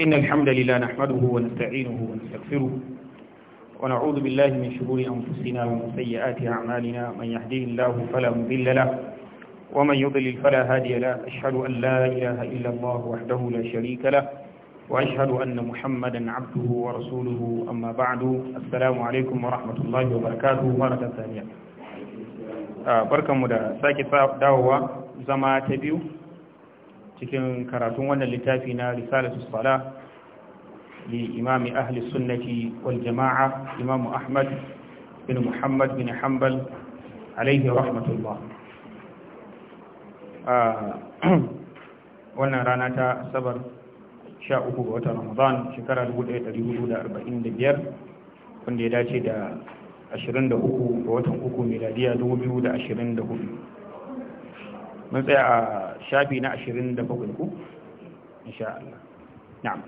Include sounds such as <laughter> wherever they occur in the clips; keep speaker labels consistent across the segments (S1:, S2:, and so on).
S1: إن الحمد لله نحمده ونستعينه ونستغفره ونعوذ بالله من شرور أنفسنا ومن سيئات أعمالنا من يهديه الله فلا مضل له ومن يضلل فلا هادي له أشهد أن لا إله إلا الله وحده لا شريك له وأشهد أن محمدا عبده ورسوله أما بعد السلام عليكم ورحمة الله وبركاته مرة ثانية بركة مدى ساكت دعوة زما تبيو cikin karatun wannan littafi na risalatu sala li imami ahli sunnati wal jama'a Imam ahmad bin muhammad bin hanbal alaihi rahmatullah ah, <clears throat> wannan rana ta sha 13 ga watan ramadan shekara 1445 wanda ya dace da 23 ga watan uku miladiya 2024 mun tsaya a shafi na 27 ku insha Allah na'am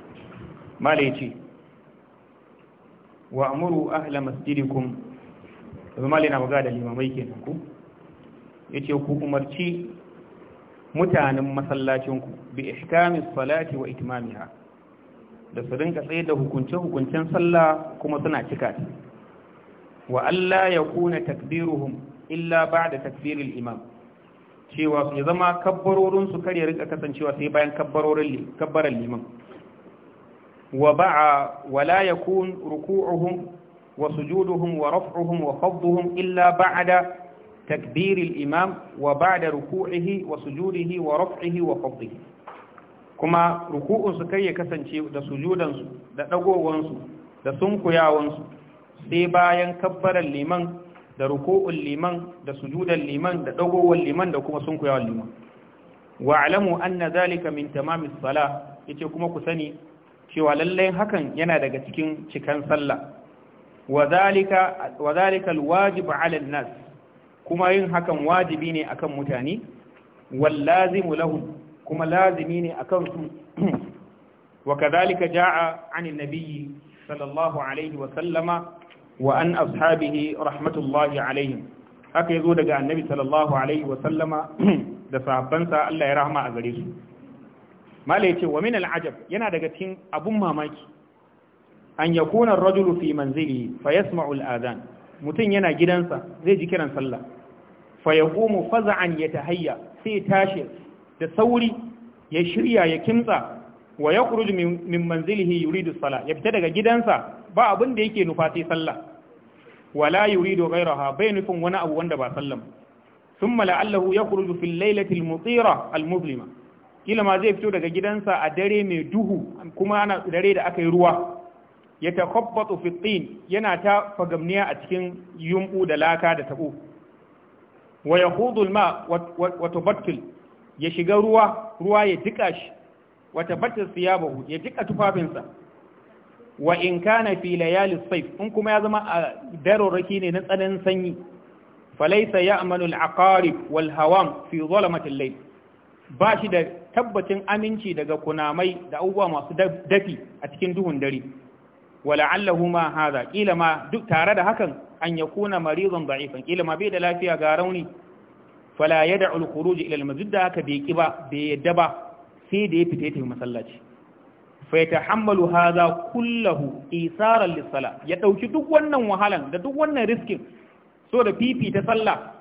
S1: mala ce. wa amuru ahla masjidikum yanzu mala yana magana da limamai kenan ku ce ku umarci mutanen masallacinku bi ihkamis salati wa itmamiha da su rinka tsaye da hukunce-hukuncen sallah kuma suna cika wa Allah ya kuna takbiruhum illa ba da takbiril imam cewa ya zama kabbarorin su kar rika kasancewa sai bayan kabbarorin kabbaran liman wa ba'a wa la yakun ruku'uhum wa sujuduhum wa raf'uhum wa khafduhum illa ba'da تكبير الإمام وبعد ركوعه وسجوده ya kasance da ركوع سكي كسنشي دا سجودا دا دقوان دا sai bayan كبر liman. da ruku'ul liman da sujudan liman da dagowar liman da kuma sunkuyawar liman wa alamu anna zalika min tamamis sala yace kuma ku sani cewa lallai hakan yana daga cikin cikan sallah wa zalika wa zalika alwajib ala nas kuma yin hakan wajibi ne akan mutane wal lazim lahum kuma lazimi ne akan su wa kadhalika jaa anin nabiyyi sallallahu alaihi wa sallama wa an ashabihi rahmatullahi alaihim haka yazo daga annabi sallallahu alaihi wa sallama da sahabbansa Allah ya rahama a gare su mala yace wa min al'ajab yana daga cikin abun mamaki an yakuna ar-rajulu fi manzili fa yasma'u al-adhan mutun yana gidansa zai ji kiran sallah fa yaqumu faz'an yatahayya sai tashi da sauri ya shirya ya kimtsa wa yakhruju min manzilihi yuridu salah ya fita daga gidansa ba abin da yake nufa sai sallah wala yuridu ghayraha bai nufin wani abu wanda ba sallan thumma la'allahu yakhruju fil laylati al mutira al muzlima kila ma zai fito daga gidansa a dare mai duhu kuma ana dare da aka yi ruwa ya takhabbatu fi yana ta fagamniya a cikin yumbu da laka da tabo wa yahudu ma wa tubattil ya shiga ruwa ya jika ya jika tufafinsa wa in kana fi layali sayf in kuma ya zama a daroraki ne na tsananin sanyi falaysa ya'manu al-aqarib wal hawam fi zalamatil ba shi da tabbacin aminci daga kunamai da abubuwa masu dafi a cikin duhun dare wala'allahu ma hadha kila ma duk tare da hakan an yakuna maridan da'ifan kila ma bai da lafiya ga rauni fala yad'u al-khuruj ila al-masjid da haka bai ki ba bai yadda ba sai da ya fita ya masallaci fa yatahammalu haza kullahu isaran lis ya dauki duk wannan wahalan da duk wannan riskin so da fifita sallah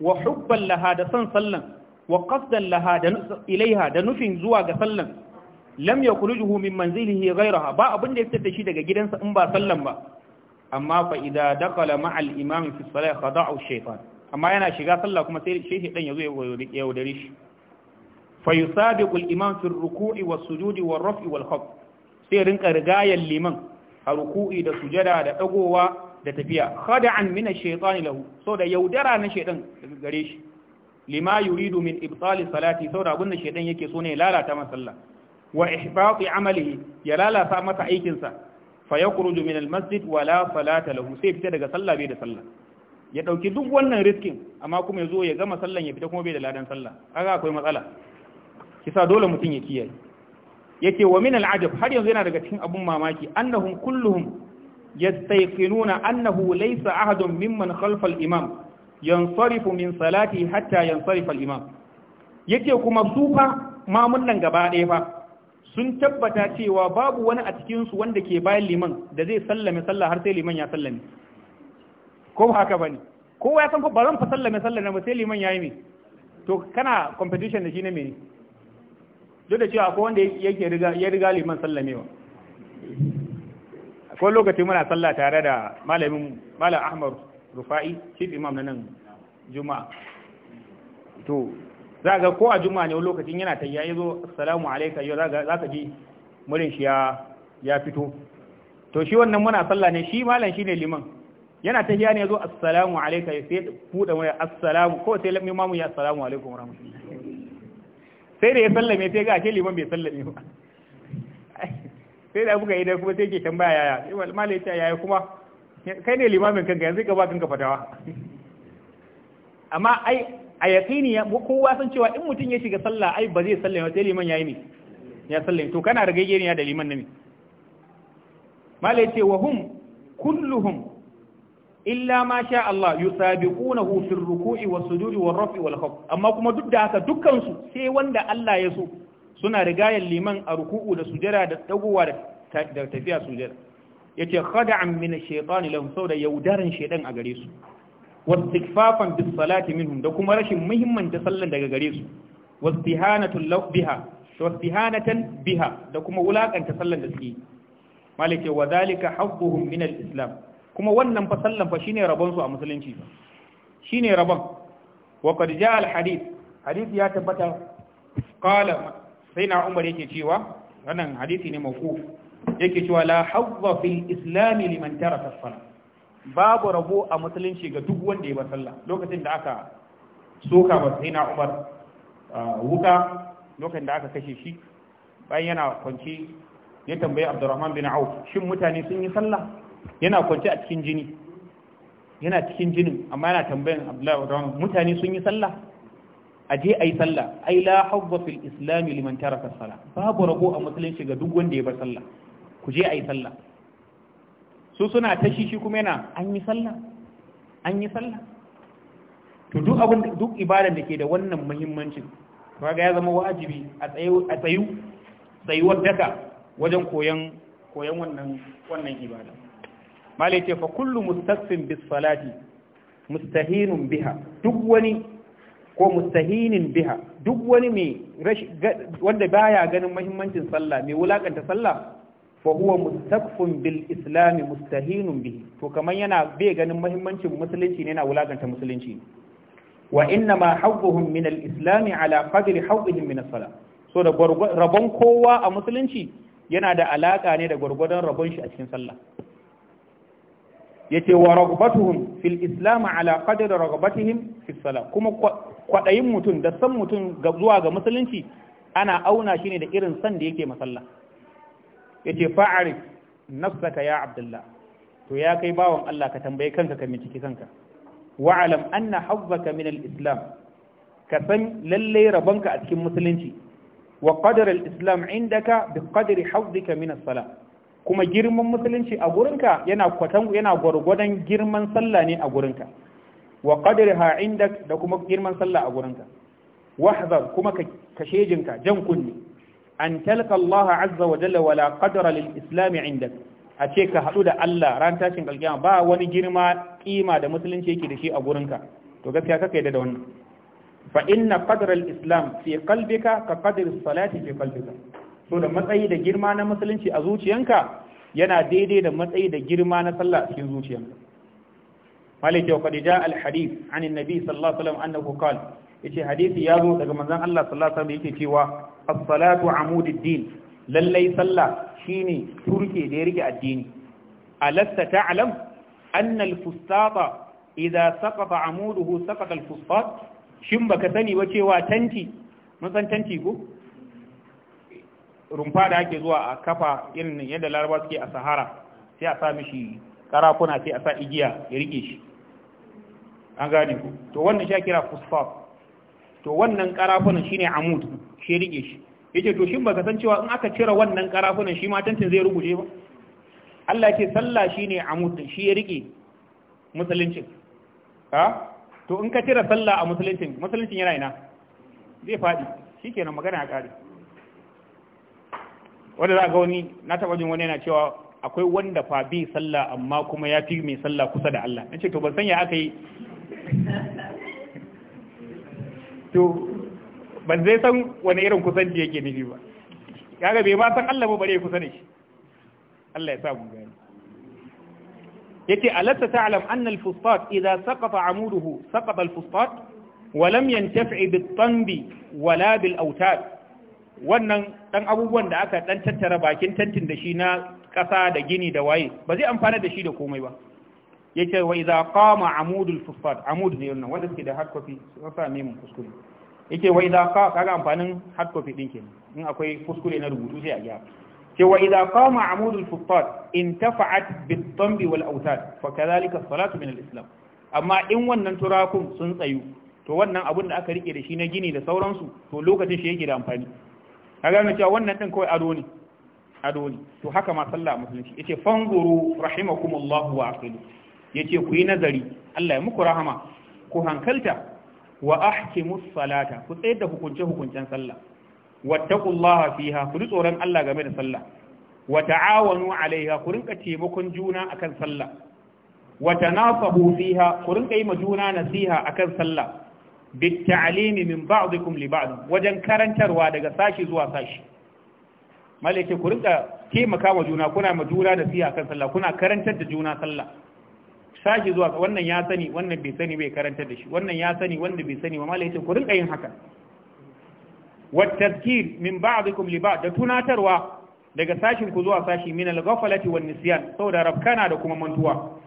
S1: wa hubban laha da san sallan wa qasdan laha da ilaiha da nufin zuwa ga sallan lam yakhrujuhu min manzilihi ghayraha ba abin da ya fitar da shi daga gidansa in ba sallan ba amma fa idza dakala ma'al imam fi salat khada'u shaytan amma yana shiga sallah kuma sai shehi dan yazo ya yaudare shi fa yusabiqu al-imam fi ar-ruku'i sujudi war-raf'i wal-khafd sai rinka rigayan liman a ruku'i da sujada da dagowa da tafiya khada'an min ash-shaytan lahu so da yaudara na shaytan daga gare shi lima yuridu min ibtali salati so da abinda shaytan yake so ne lalata masa sallah wa ihbati ya lalata masa aikin sa fa yakhruju min masjid wa salata lahu sai fita daga sallah bai da sallah ya ɗauki duk wannan riskin amma kuma zo ya gama sallan ya fita kuma bai da ladan sallah har akwai matsala kisa dole mutum ya kiyaye yake wa min al'ajab har yanzu yana daga cikin abun mamaki annahum kulluhum yastayqinuna annahu laysa ahadun mimman khalfa al-imam yansarifu min salati hatta yansarifa al-imam yake kuma su fa mamun nan gaba ɗaya fa sun tabbata cewa babu wani a cikin su wanda ke bayan liman da zai sallame sallah har sai liman ya sallame ko haka bane kowa ya san ko ba zan fa sallame sallah na ba sai liman yayi me to kana competition da shi ne me duk da cewa akwai wanda yake ya riga liman sallamewa akwai lokaci muna sallah tare da malamin malam ahmad rufa'i chief imam na nan juma'a to za ga ko a juma'a ne lokacin yana tayya ya zo assalamu alaika yau za ka ji murin shi ya fito to shi wannan muna sallah ne shi malam shine liman yana ta ne ya zo assalamu alaika sai buɗe wani assalamu ko sai lamin mamu ya assalamu alaikum rahmatullahi sai da ya sallame sai ga ashe liman bai sallame ba sai da buga idan kuma sai ke tambaya yaya wal ya yace yaya kuma kai ne limamin kanka yanzu ka ba kanka fatawa amma ai a yaqini kowa san cewa in mutum ya shiga sallah ai ba zai sallame sai liman yayi ne ya sallame to kana da gaggeniya da liman ne mala ce wa hum kulluhum illa ma sha Allah yusabiqunahu fil ruku'i was sujudi war raf'i wal khaf amma kuma duk da haka dukkan su sai wanda Allah ya so suna rigayar liman a ruku'u da sujada da dagowa da tafiya sujada yace khada'an min ash-shaytan lahum sauda yaudaran shaytan a gare su wastikfafan bis salati minhum da kuma rashin muhimmanta sallan daga gare su wastihanatun biha wastihanatan biha da kuma wulakanta sallan da suke malike wa zalika haqquhum min al-islam kuma wannan fa sallan fa shine rabon su a musulunci ba shine rabon wa qad jaa al hadith hadith ya tabbata qala sayna umar yake cewa wannan hadisi ne mawquf yake cewa la hawwa fil islam liman taraka as babu rabo a musulunci ga duk wanda ya ba sallah lokacin da aka soka ba sayna umar ah, wuka lokacin da aka kashe shi bayan yana kwanci ya tambayi abdurrahman bin auf shin mutane sun yi sallah yana kwance a cikin jini yana cikin jinin amma yana tambayan abdullahi wa mutane sun yi sallah a je a yi sallah ai la hawwa fil islam liman taraka ba babu rago a musulunci ga duk wanda ya bar sallah ku je a yi sallah su suna ta shi kuma yana an yi sallah an yi sallah to duk abin duk ibadan da ke da wannan muhimmancin kaga ya zama wajibi a tsayu a tsayu tsayuwar daka wajen koyan koyan wannan wannan ibada malai ce fa kullum mustaqsim bis salati mustahinun biha duk wani ko mustahinin biha duk wani mai wanda baya ganin muhimmancin sallah mai wulakanta sallah fa huwa mustaqfun bil islam mustahinun bihi to kaman yana bai ganin muhimmancin musulunci ne yana wulakanta musulunci wa inna ma hawwuhum min al islam ala qadri hawwihim min as so da rabon kowa a musulunci yana da alaka ne da gwargwadon rabon shi a cikin sallah yace wa ragbatuhum fil islam ala qadri ragbatihim fi salah kuma kwadayin mutum da san mutum zuwa ga musulunci ana auna shi ne da irin san da yake masalla yace fa'arif nafsaka ya abdullah to ya kai bawan Allah ka tambaye kanka ka bincike kanka wa'alam anna hazzaka min al-islam ka san lalle rabanka a cikin musulunci wa qadar al-islam indaka bi qadri hazzika min as-salah kuma girman musulunci a gurinka yana kwatan yana gwargwadon girman sallah ne a gurinka wa qadriha indak da kuma girman sallah a gurinka wahzar kuma ka kashejinka jan kunni an talqa Allah azza wa jalla wala qadra lil islam indak a ce ka hadu da Allah ran tashin alkiyama ba wani girma kima da musulunci yake da shi a gurinka to gaskiya kaka yadda da wannan fa inna qadra al islam fi qalbika ka qadri salati fi qalbika so da matsayi da girma na musulunci a zuciyanka yana daidai da matsayi da girma na sallah a cikin zuciyanka malik yau kadija al-hadith an annabi sallallahu alaihi wasallam annahu qala yace hadisi ya zo daga manzon Allah sallallahu alaihi wasallam yake cewa as-salatu amudud din lallai sallah shine turke da ya rike addini alasta ta'lam anna al-fustata idza saqata amuduhu saqata al-fustat shin baka sani ba cewa tanti mun san tanti ko rumfa da ake zuwa a kafa irin yadda laraba suke a sahara sai a sa mishi karafuna sai a sa igiya ya rike shi an gane ku to wannan shi kira fusfaf. to wannan karafunan shine amud shi rike shi yace to shin baka san cewa in aka cire wannan karafunan shi ma tantin zai rubuce ba Allah ce sallah shine amud shi ya rike musulunci ha to in ka cire sallah a musulunci musulunci yana ina zai fadi shikenan magana ya kare wanda za ga wani na taba jin wani yana cewa akwai wanda fa bi sallah amma kuma ya fi mai sallah kusa da Allah nace to ban sanya aka yi <laughs> to ban zai san wani irin kusanci yake nufi ba kaga bai ba san Allah ba bare kusa da shi Allah ya sa mu gani yace alatta ta'lam anna al-fusfat idha saqata amuduhu saqata al-fusfat wa lam yantafi bit-tanbi wala bil-awtad wannan ɗan abubuwan da aka ɗan tattara bakin tantin da shi na ƙasa da gini da waye ba zai amfana da shi da komai ba ya ce wa iza qama amudul Fusfat. amud ne wannan wanda suke da hard copy sun same mu kuskure yake wa iza ka kaga amfanin hard copy din kenan in akwai kuskure na rubutu sai a gyara ce wa iza qama amudul fosfat intafa'at bit tambi wal awtad fa kadhalika salatu min al islam amma in wannan turakun sun tsayu to wannan abun da aka rike da shi na gini da sauransu to lokacin shi yake da amfani ka gano cewa wannan din kawai ado ne ado ne to haka ma sallah musulunci yace fanzuru rahimakumullah wa aqilu yace ku yi nazari Allah ya muku rahama ku hankalta wa ahkimus salata ku tsayar da hukunce hukuncen sallah wattaqullaha fiha ku tsoron Allah game da sallah wa ta'awanu alaiha ku rinka taimakon juna akan sallah wa tanasahu fiha ku rinka yi ma juna nasiha akan sallah bitta'alimi min ba'dikum li ba'd wajen karantarwa daga sashi zuwa sashi malaike ku rinka taimaka wa juna kuna ma juna da siya kan sallah kuna karantar da juna sallah sashi zuwa wannan ya sani wannan bai sani bai karantar da shi wannan ya sani wanda bai sani ba malaike ku rinka yin haka wa tadhkir min ba'dikum li ba'd da tunatarwa daga sashin ku zuwa sashi min al-ghaflati wan nisyan saboda rabkana da kuma mantuwa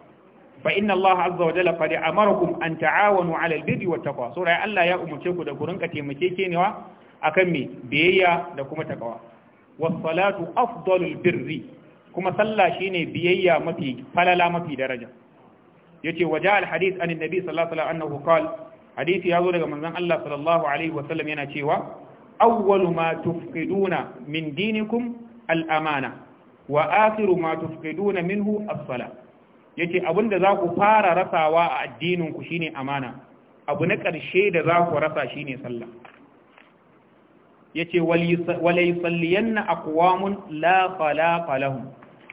S1: fa inna Allah azza wa jalla qad amarakum an ta'awanu 'ala al-birri wat taqwa sura Allah ya umarci ku da ku rinka taimakekenewa akan me biyayya da kuma takawa was salatu afdalul birri kuma sallah shine biyayya mafi falala mafi daraja yace waje al hadith an annabi sallallahu alaihi wasallam annahu qala hadisi yazo daga manzon Allah sallallahu yana cewa awwalu ma tufqiduna min dinikum al amana wa akhiru ma tufqiduna minhu as-salah yace abin da za ku fara rasawa a addininku ku shine amana abu na ƙarshe da za ku rasa shine sallah yace wala yusalliyanna aqwamun la khalaqa lahum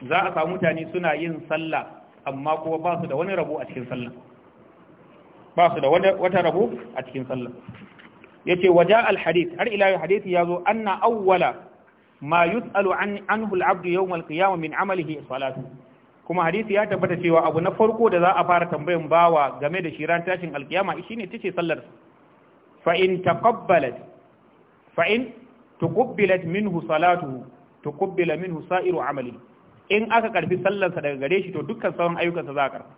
S1: za a samu mutane suna yin sallah amma kuma ba su da wani rabo a cikin sallah ba su da wata rabo a cikin sallah yace waja al har ila hadithi yazo anna awwala ma yus'alu an anhu al abdu yawm al qiyamah min amalihi salatu kuma hadisi ya tabbata cewa abu na farko da za a fara tambayan bawa game da shiran tashin alkiyama ne tace sallar fa in taqabbalat fa in tuqabbalat minhu salatuhu tuqabbala minhu sa'iru amali in aka karbi sallarsa daga gare shi to dukkan sauran ayyukansa za a karba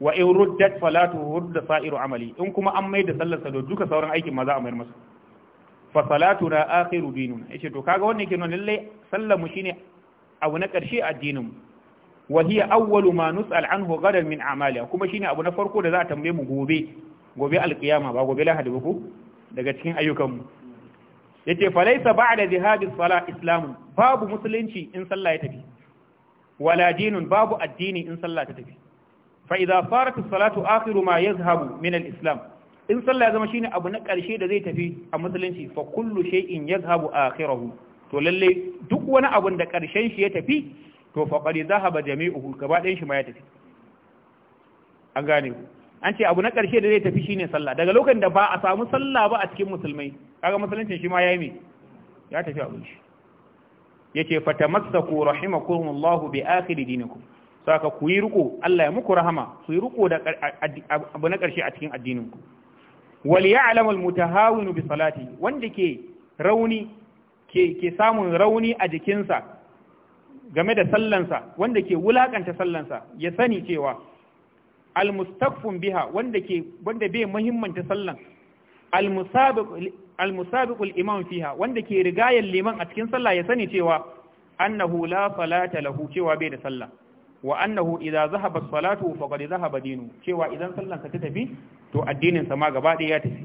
S1: wa in ruddat salatuhu rudda sa'iru amali in kuma an maida sallarsa to duka sauran aikin ma za a mayar masa fa ra akhiru dinuna yace to kaga wannan yake nuna lalle sallar mu shine abu na karshe addinin mu wa hiya awwalu ma nus'al anhu gadan min a'maliha kuma shine abu na farko da za a tambaye mu gobe gobe alqiyama ba gobe lahadi ba ko daga cikin ayyukan mu yace fa laysa ba'da jihadis sala islamun babu musulunci in sallah ya tafi wala dinun babu addini in sallah ta tafi fa idza farat as-salatu akhiru ma yazhabu min al-islam in sallah ya zama shine abu na karshe da zai tafi a musulunci fa kullu shay'in yazhabu akhirahu to lalle duk wani abun da karshen shi ya tafi to faqad zahaba jami'u. gaba ɗayan shi ma ya tafi an gane ku an ce abu na ƙarshe da zai tafi shine sallah daga lokacin da ba a samu sallah ba a cikin musulmai kaga musuluncin shi ma yi me ya tafi abin shi yace fatamassaku rahimakumullahu bi akhir dinikum saka ku yi riko Allah ya muku rahama ku yi riko da abu na ƙarshe a cikin addinin ku wal ya'lamu al mutahawinu bi salati wanda ke rauni ke ke samun rauni a jikinsa game da sallansa wanda ke wulakanta sallansa ya sani cewa almustakfun biha wanda ke wanda bai muhimmanta sallan almusabiqul imam fiha wanda ke rigayar liman a cikin sallah ya sani cewa annahu la salata lahu cewa bai da sallah wa annahu idza zahaba salatu faqad zahaba dinu cewa idan sallan ka ta tafi to addinin sa ma gaba ɗaya ya tafi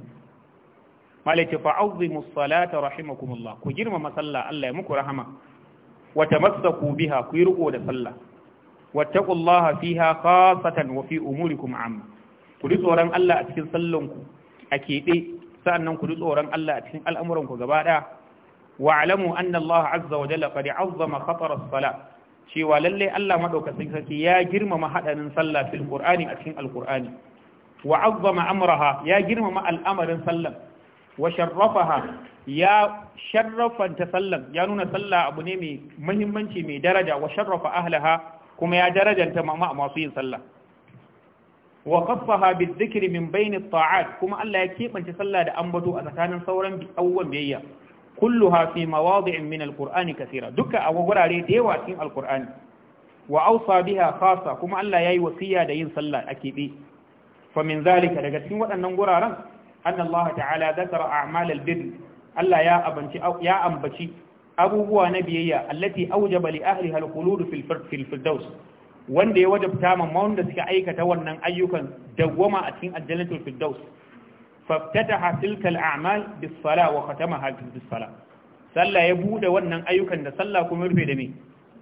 S1: malaka fa'azzimu salata rahimakumullah ku girmama sallah Allah ya muku rahama wa ku biha ku yi riko da sallah wattaqullaha fiha khasatan wa fi umurikum amma ku ji tsoron Allah a cikin sallanku a keɓe sa'annan ku ji tsoron Allah a cikin al'amuran ku gaba ɗaya wa alamu anna Allah azza wa jalla qad azzama khatar as cewa lallai Allah maɗaukacin sarki ya girmama hadarin sallah fil qur'ani a cikin alqur'ani wa azzama amraha ya girmama al'amarin sallah wa sharrafaha ya sharrafanta sallan ya nuna sallah abu ne mai muhimmanci mai daraja wa sharrafa ahlaha kuma ya darajanta ma masu yin sallah wa qaffaha bizikri min bayni ta'at kuma Allah ya kebance sallah da ambato a tsakanin sauran abubuwan biyayya kulluha fi mawadi'in min alqur'ani kathira duka a gurare da yawa cikin alqur'ani wa awsa biha khassa kuma Allah yayi wasiya da yin sallah a kebe fa min zalika daga cikin waɗannan guraren أن الله ta'ala zakara amalal البر Allah ya ambaci abubuwa na biyayya allati aujaba li khulud fil firdaus wanda ya wajabta man wanda suka aikata wannan ayyukan dawwama a cikin aljannatul firdaus faftataha tilka al-a'mal bis sala wa khatamaha bis sala sallah ya bude wannan ayyukan da sallah kuma rufe da me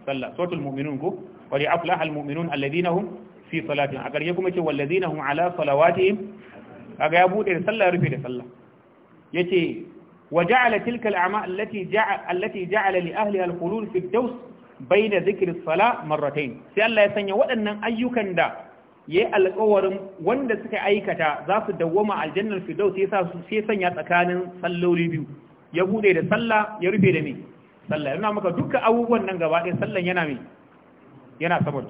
S1: sallah suratul mu'minun ko wa li aflaha al-mu'minun alladhina hum fi salatihim kuma ce walladhina hum ala salawatihim ya bude da sallah rufe da sallah yace وجعل تلك الأعمال التي جعل التي جعل لأهلها الخلود في الدوس بين ذكر الصلاة مرتين سألا يسني وأن أيكا دا يا القورم وند سك أيكتا ذات دوما الجنة في الدوس يسا سيسن يتكان صلوا لبيو يبود إلى صلى يربي لمي صلى ينا مكا دك أول ننقوا صلى ينامي ينا سبج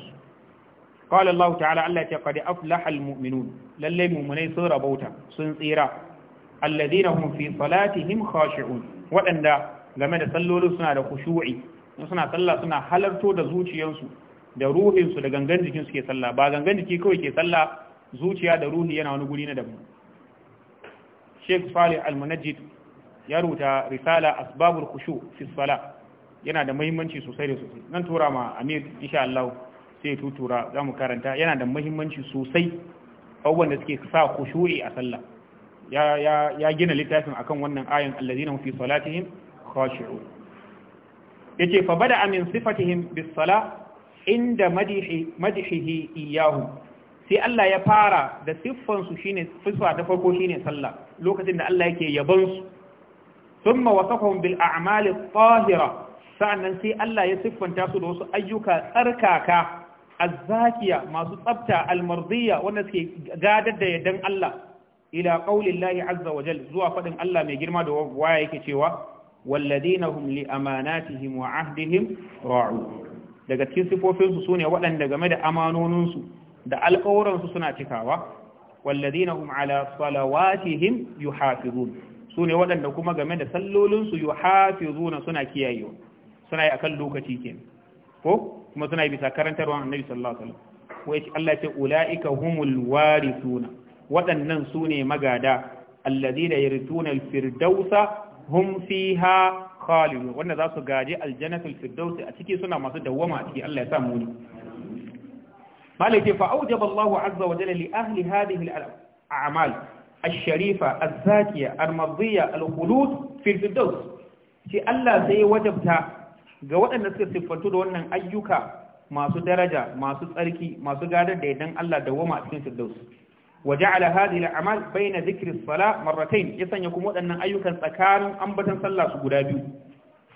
S1: قال الله تعالى الله قد أفلح المؤمنون للي مؤمنين صير بوتا صنصيرا alladhina hum fi salatihim khashi'un waɗanda game da sallolin suna da khushu'i suna sallah suna halarto da zuciyarsu da ruhinsu da gangan jikin su ke sallah ba gangan jiki kawai ke sallah zuciya da ruhi yana wani guri na daban Sheikh Salih Al-Munajjid ya rubuta risala asbabul khushu fi salah yana da muhimmanci sosai da sosai nan tura ma Amir insha Allah sai tutura zamu karanta yana da muhimmanci sosai abubuwan da suke sa khushu'i a sallah ya gina littafin akan wannan ayan alladhina fi salatihim khashi'un yace fa bada min sifatihim bis sala inda madihi madihihi iyahu sai Allah ya fara da siffan su shine siffa ta farko shine sallah lokacin da Allah yake yabon su thumma wasafahum bil a'mali tahira sa'annan sai Allah ya siffanta su da wasu ayyuka tsarkaka azzakiya masu tsafta almarziya wanda suke gadar da yardan Allah ila qaulillahi azza wa jal zuwa fadin Allah mai girma da waya yake cewa walladina hum li amanatihim wa ahdihim ra'u daga cikin sifofin su sune waɗanda game da amanonin su da alƙawuran su suna cikawa walladina hum ala salawatihim yuhafizun sune waɗanda kuma game da sallolin su yuhafizuna suna kiyayewa suna yi akan lokaci kenan ko kuma suna yi bisa karantarwa annabi sallallahu alaihi wasallam ko Allah ya ce ulaika humul warithuna waɗannan su ne magada allazina yarituna al-firdausa hum fiha khalidun wanda za su gaji aljannatul firdausi a ciki suna masu dawwama a ciki Allah ya sa mu ne malaka fa awjaba Allahu azza wa jalla li ahli hadhihi al-a'mal ash-sharifa az-zakiya al-madhiya al-khulud fi firdaus shi Allah sai wajabta ga waɗanda suka siffantu da wannan ayyuka masu daraja masu tsarki masu gadar da idan Allah dawwama a cikin firdaus وجعل هذه الأعمال بين ذكر الصلاة مرتين يسن يكون أن أيوكا سكان أنبتا صلى سقرابي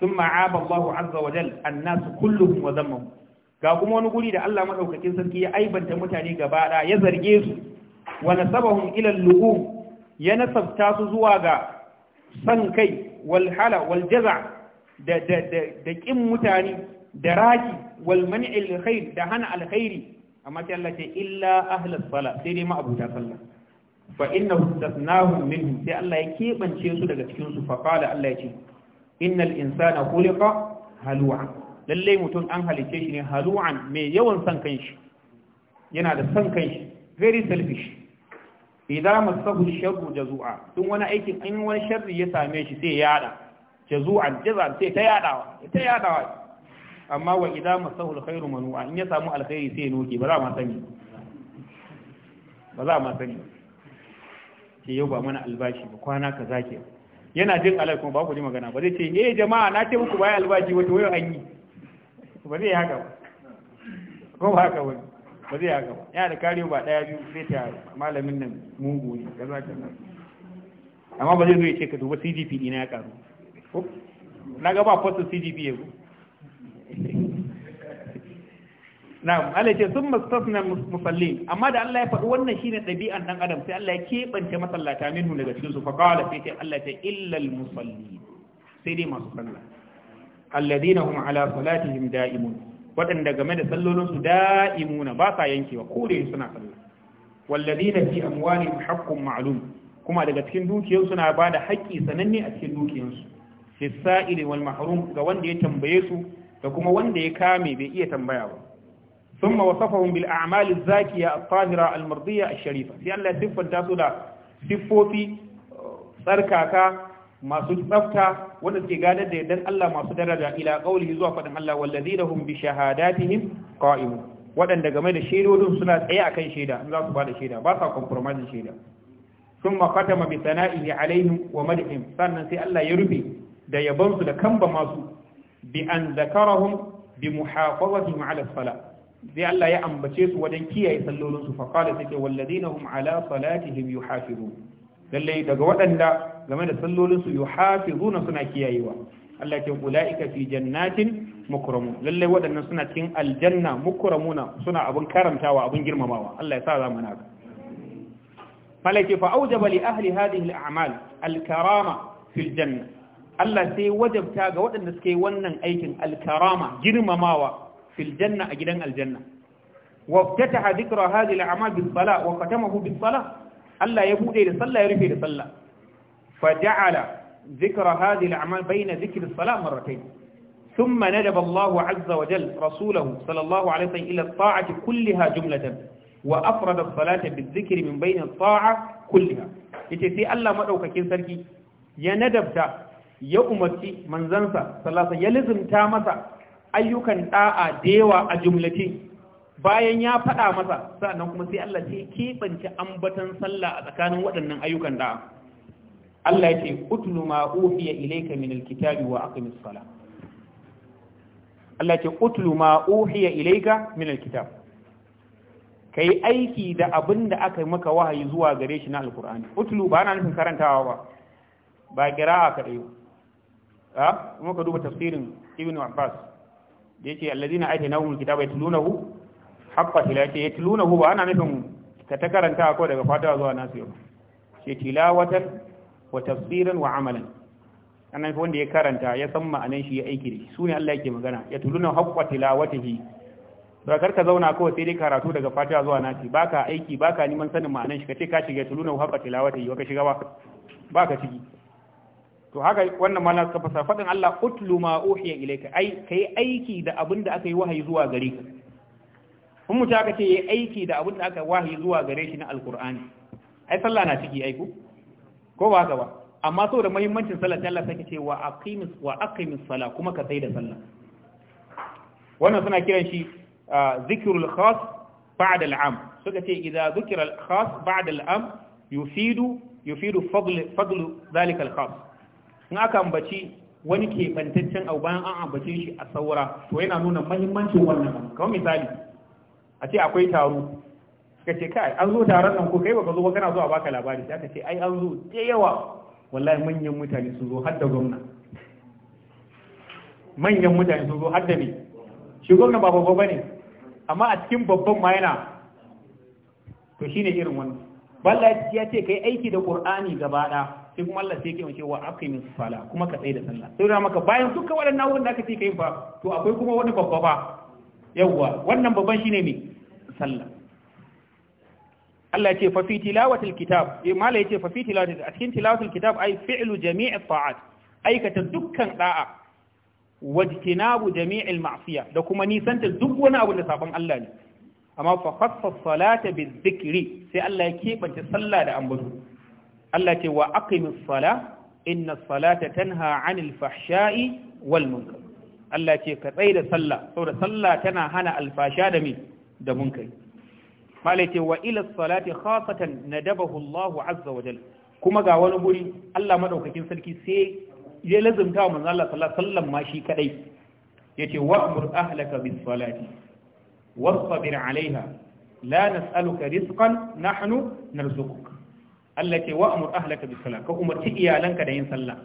S1: ثم عاب الله عز وجل الناس كلهم وذمهم ga kuma wani guri da Allah madaukakin sarki ya aibanta mutane gaba da ya zarge su wa nasabahum ila al ya nasabta su zuwa ga san kai wal hala wal jaza da da da, kin mutane da raki wal man'i khair da hana alkhairi amma sai Allah ce illa ahlus sala sai dai ma'abuta sallah fa innahu tasnahum minhum sai Allah ya kebance su daga cikin su fa qala Allah ya ce innal insana khuliqa halu'an lalle mutum an halice shi ne halu'an mai yawan san kanshi yana da san kanshi very selfish idza masahu sharru jazua duk wani aikin in wani sharri ya same shi sai ya yada jazu'an jaza sai ta yadawa ta yadawa amma wa idza masahu alkhairu manu'a in ya samu alkhairi sai ya noke ba za ma sani ba za ma sani ce yau ba mana albashi ba kwana ka ke yana jin alai kuma ba ku ji magana ba zai ce eh jama'a na ce muku bai albashi wato wayo an yi ba zai haka ba ko ba haka ba ba zai haka ba yana da kariyo ba daya biyu sai ta malamin nan mugu ne kaza kaza amma ba zai zo ya ce ka duba CGP ina ya karu na ga ba fasu CGP yau. na'am Allah ce sun mustafna musallin amma da Allah ya faɗi wannan shine ɗabi'an ɗan adam sai Allah ya keɓance masallata minhu daga cikin su fa qala sai ce Allah ta illa al musallin sai dai masu sallah alladhina hum ala salatihim da'imun waɗanda game da sallolin su da'imuna ba sa yankewa kore suna sallah walladhina fi amwalihim haqqun ma'lum kuma daga cikin dukiyar suna ba da haƙƙi sananne a cikin dukiyarsu fi sa'ili wal mahrum ga wanda ya tambaye su da kuma wanda ya kame bai iya tambaya ba sun mawasafahun bil amalin zakiya a tsamira almardiya a sharifa sai allah siffanta su da siffofi uh, tsarkaka masu tsafta wanda suke gadar da yardar allah masu daraja ila kaulihi zuwa faɗin allah wallazi da hun bi shahadatihim game da shaidodin suna tsaye akan shaida in za su da shaida ba sa compromising shaida sun makata mabi sana'i ne alaihim wa madihim sannan sai allah ya rufe da yabansu da kamba masu bi an zakarahum bi muhafazatihim ala salat sai Allah ya ambace su wajen kiyaye sallolin su fa qala sai walladina hum ala salatihim yuhafizun lalle daga waɗanda game da sallolin su yuhafizuna suna kiyayewa Allah ke ulaika fi jannatin mukramu lalle waɗannan suna cikin aljanna mukramuna suna abin karantawa abin girmamawa Allah ya sa zamana haka malaki fa aujaba li ahli hadihil al a'mal al karama fil janna Allah sai wajabta ga waɗanda suka yi wannan aikin alkarama girmamawa fil janna a gidan aljanna wa fataha dhikra hadhihi al'amal bis sala wa khatamahu bis sala Allah ya bude da sallah ya rufe da sallah fa ja'ala dhikra hadhihi al'amal bayna dhikri as-sala marratayn thumma nadaba Allah 'azza wa jalla rasulahu sallallahu alayhi wa sallam ila at-ta'ati kullaha jumlatan wa afrada as-salata biz-dhikri min bayna at-ta'a kullaha yace sai Allah madaukakin sarki ya nadabta ya umarci manzansa sallallahu ya lizumta masa ayyukan da'a da yawa a jumlatin bayan ya faɗa masa sannan kuma sai Allah ya keɓance ambatan sallah a tsakanin waɗannan ayyukan da'a Allah ya ce utlu ma uhiya ilayka min alkitabi wa aqimis sala Allah ya ce utlu ma uhiya ilayka min alkitab kai aiki da abin da aka yi maka wahayi zuwa gare shi na alkur'ani utlu ba na nufin karantawa ba ba kira'a kadai a kuma ka duba tafsirin ibn abbas da yake allazina atainahum kitaba yatlunahu haqqa tilawati yatlunahu ba ana nufin ka ta karanta ko daga fatawa zuwa nasu yau ce tilawatan wa tafsiran wa amalan ana nufin wanda ya karanta ya san ma'anan shi ya aiki da shi ne Allah yake magana yatlunahu haqqa tilawatihi ba karka zauna kawai sai dai karatu daga fatawa zuwa nasi baka aiki baka neman sanin ma'anan shi ce ka shiga tuluna haqqa tilawati wa ka shiga ba baka ciki to haka wannan mana suka fasa faɗin Allah utlu ma uhiya ilayka ai kai aiki da abin da aka yi wahayi zuwa gare ka mun mutum aka ce yi aiki da abin da aka wahayi zuwa gare shi na alqur'ani ai sallah na ciki aiku ko ba haka ba amma da muhimmancin sallah sai Allah sake ce wa aqimis wa aqimis sala kuma ka sai da sallah wannan suna kiran shi zikrul khas ba'da al'am suka ce idza zikra al khas ba'da al'am yufidu yufidu fadl fadl zalika al khas in aka ambaci wani keɓantaccen abu bayan an ambace shi a saura to yana nuna mahimmancin wannan kamar misali a ce akwai taro suka ce kai an zo taron nan ko kai baka zo ba kana zo a baka labari sai aka ce ai an zo da yawa wallahi manyan mutane sun zo har da gwamna manyan mutane sun zo har da me shi gwamna ba babba bane amma a cikin babban ma yana to shine irin wannan wallahi ya ce kai aiki da qur'ani gaba ɗaya sai kuma Allah sai ya kewace wa aqimis sala kuma ka tsaya da sallah sai da maka bayan duka waɗannan abubuwan da aka ce kai fa to akwai kuma wani babba ba yawwa wannan babban shine me sallah Allah ya ce fa fi tilawatil kitab eh mala ya ce fa fi tilawatil a cikin tilawatil kitab ai fi'lu jami'i ta'at aikata dukkan da'a wajtinabu jami'il ma'siya da kuma nisanta duk wani abu da saban Allah ne amma fa khassa salata bizikri sai Allah ya kebanta sallah da ambato Allah ce wa aqimis sala inna salata tanha 'anil fahsha'i wal munkar Allah ce ka tsaye da sallah saboda sallah tana hana alfasha da mi da munkari malai ce wa ila salati khasatan nadabahu Allahu azza wa jalla kuma ga wani guri Allah madaukakin sarki sai ya lazumta wa manzo Allah sallallahu alaihi wasallam ma shi kadai yace wa amur ahlaka bis salati wasbir alaiha la nas'aluka rizqan nahnu narzuqu Allah ce wa amur ahlaka sallah, ka umarci iyalanka da yin sallah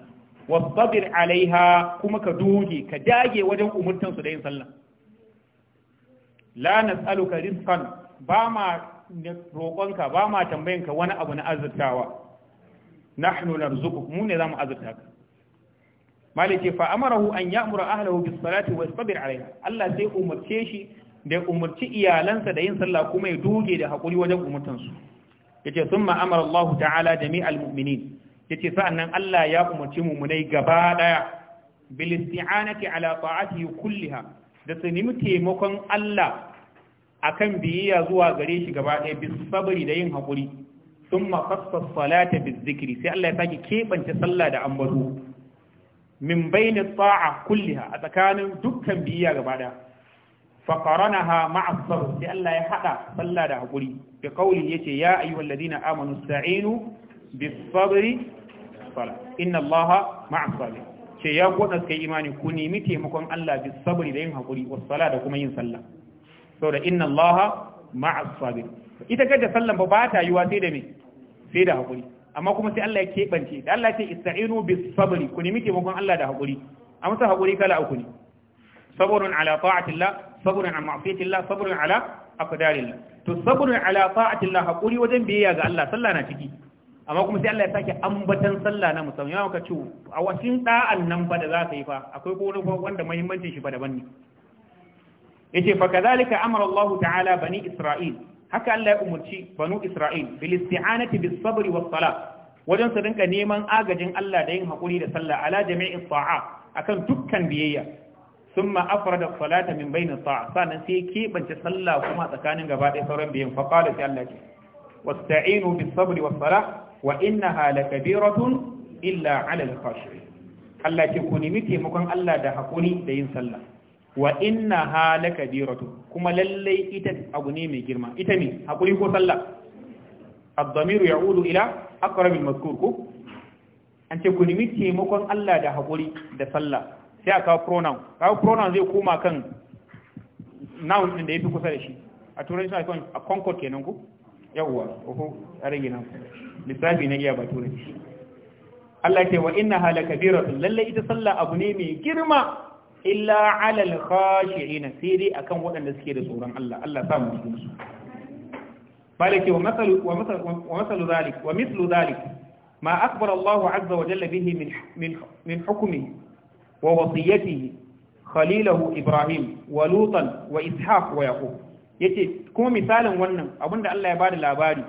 S1: sabir alaiha kuma ka doge ka dage wajen umurtan su da yin sallah la nas'aluka rizqan ba ma roƙonka ba ma tambayanka wani abu na azurtawa nahnu narzuku mu ne zamu azurta ka malike fa amarahu an ya'mura ahlahu bis salati sabir alaiha Allah sai umarce shi da umarci iyalansa da yin sallah kuma ya doge da hakuri wajen umurtan su yace sun amara Allah ta'ala jami'al mu'minin yace sannan Allah ya umarci mu'minai gaba daya bil isti'anati ala ta'atihi kulliha da su nemi taimakon Allah akan biyayya zuwa gare shi gaba daya bis sabari da yin hakuri summa qassas salata biz zikiri sai Allah ya saki kebance sallah da ambato min bayni ta'a kulliha a tsakanin dukkan biyayya gaba daya فقرنها مع الصبر لئلا يحقى صلى ده حقري بقوله يتي يا أيها الذين آمنوا استعينوا بالصبر صلاة إن الله مع الصابر ce ya gwada kai imani ku nemi taimakon Allah bi sabri da yin hakuri was sala da kuma yin sallah saboda inna Allah ma'as sabir ita kaje sallan ba ba ta yiwa sai da me sai da hakuri amma kuma sai Allah ya keɓance da Allah ce ista'inu bi sabri ku nemi taimakon Allah da hakuri amsa hakuri kala uku ne sabrun ala ta'atillah sabrun an ma'siyatillah sabrun ala aqdarillah to sabrun ala ta'atillah hakuri wajen biyayya ga Allah sallah na ciki amma kuma sai Allah ya sake ambatan sallah na musamman ya maka ce a wasin da'an nan ba da za ka yi fa akwai ko wani wanda muhimmanci shi ba daban ne yace fa kadhalika amara Allah ta'ala bani Isra'il haka Allah ya umarci banu Isra'il bil isti'anati bis sabr was salah wajen su rinka neman agajin Allah da yin hakuri da sallah ala jami'i sa'a akan dukkan biyayya thumma afrada salata min na sa'a sannan sai kebance sallah kuma tsakanin gaba ɗaya sauran biyan fa qala sai Allah ce wasta'inu bis sabri wa illa Allah ce ku nemi taimakon Allah da haƙuri da yin sallah wa innaha lakabiratun kuma lallai ita abu ne mai girma ita ne haƙuri ko sallah ad-damiru ya'udu ila aqrabil mazkur ku an ce ku nemi taimakon Allah da hakuri da sallah sai a kawo pronoun kawo pronoun zai koma kan noun din da ya fi kusa da shi a turanci suna kan a concord kenan ku yawwa ko a rage nan lissafi na iya ba turanci Allah ce wa inna hala kabiratun lalle ita sallah abu ne mai girma illa alal ina, sai dai akan waɗanda suke da tsoron Allah Allah sa mu cikin su balake wa masalu wa masalu wa masalu zalik wa mithlu zalik ma akbar Allah azza wa jalla bihi min min min ووصيته خليله إبراهيم ولوطا وإسحاق ويعقوب yace kuma misalin wannan da Allah ya bada labari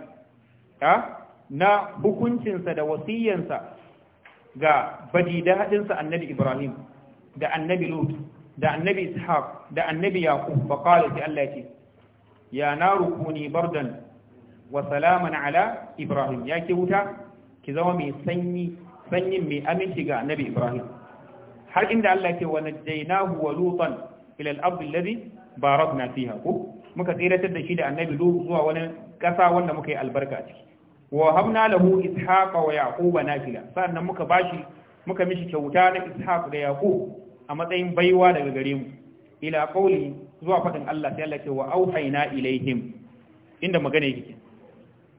S1: na hukuncinsa da wasiyyansa ga badidadinsa annabi Ibrahim da annabi Lut da annabi Ishaq da annabi Yaqub fa qala ta Allah ce ya naru kuni bardan wa salaman ala Ibrahim yake wuta ki zama mai sanyi sanyin mai aminci ga annabi Ibrahim har inda Allah ke wani jainahu wa lutan al abdu alladhi barakna fiha ko muka tsiratar da shi da annabi lu zuwa wani kasa wanda muka yi albarka a ciki wa habna lahu ishaqa wa yaquba nafila sannan muka bashi muka mishi kyauta na ishaq da yaqub a matsayin baiwa daga gare mu ila qauli zuwa fadin Allah sai Allah ce wa auhayna ilaihim inda magana yake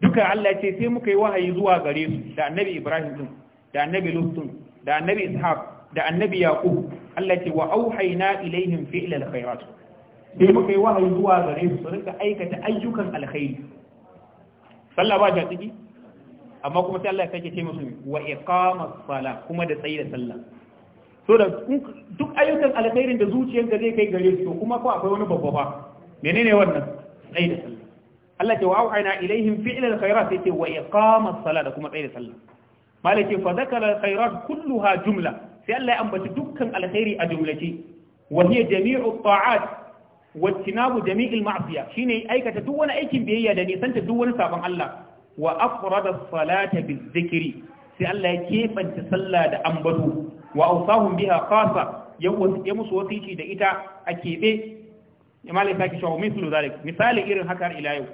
S1: duka Allah ce sai muka yi wahayi zuwa gare su da annabi Ibrahim din da annabi Lut din da annabi Ishaq da annabi yaqub Allah ce wa auhayna ilaihim fi'l alkhairat sai hmm. muka yi wahayi zuwa gare su su rinka aikata ayyukan alkhairi sallah ba ta ciki amma kuma sai Allah ya sake ce musu wa iqamas sala kuma da tsayi da sallah so da duk ayyukan alkhairin da zuciyarka zai kai gare su kuma ko akwai wani babba ba menene wannan tsayi da sallah Allah ce wa auhayna ilaihim fi'l alkhairat sai ce wa iqamas sala da kuma tsayi da sallah malai ce fa dhakara alkhairat kulluha jumla sai Allah ya ambaci dukkan alkhairi a jumlace wa hiya jami'u ta'at wa tinabu jami'il ma'siya shine aikata duk wani aikin biyayya da nisanta duk wani sabon Allah wa afrada salata bizikri sai Allah ya kebanta sallah da ambato wa awsahum biha qasa ya musu wasici da ita a kebe malai saki shawo mislu zalik misali irin haka ila yau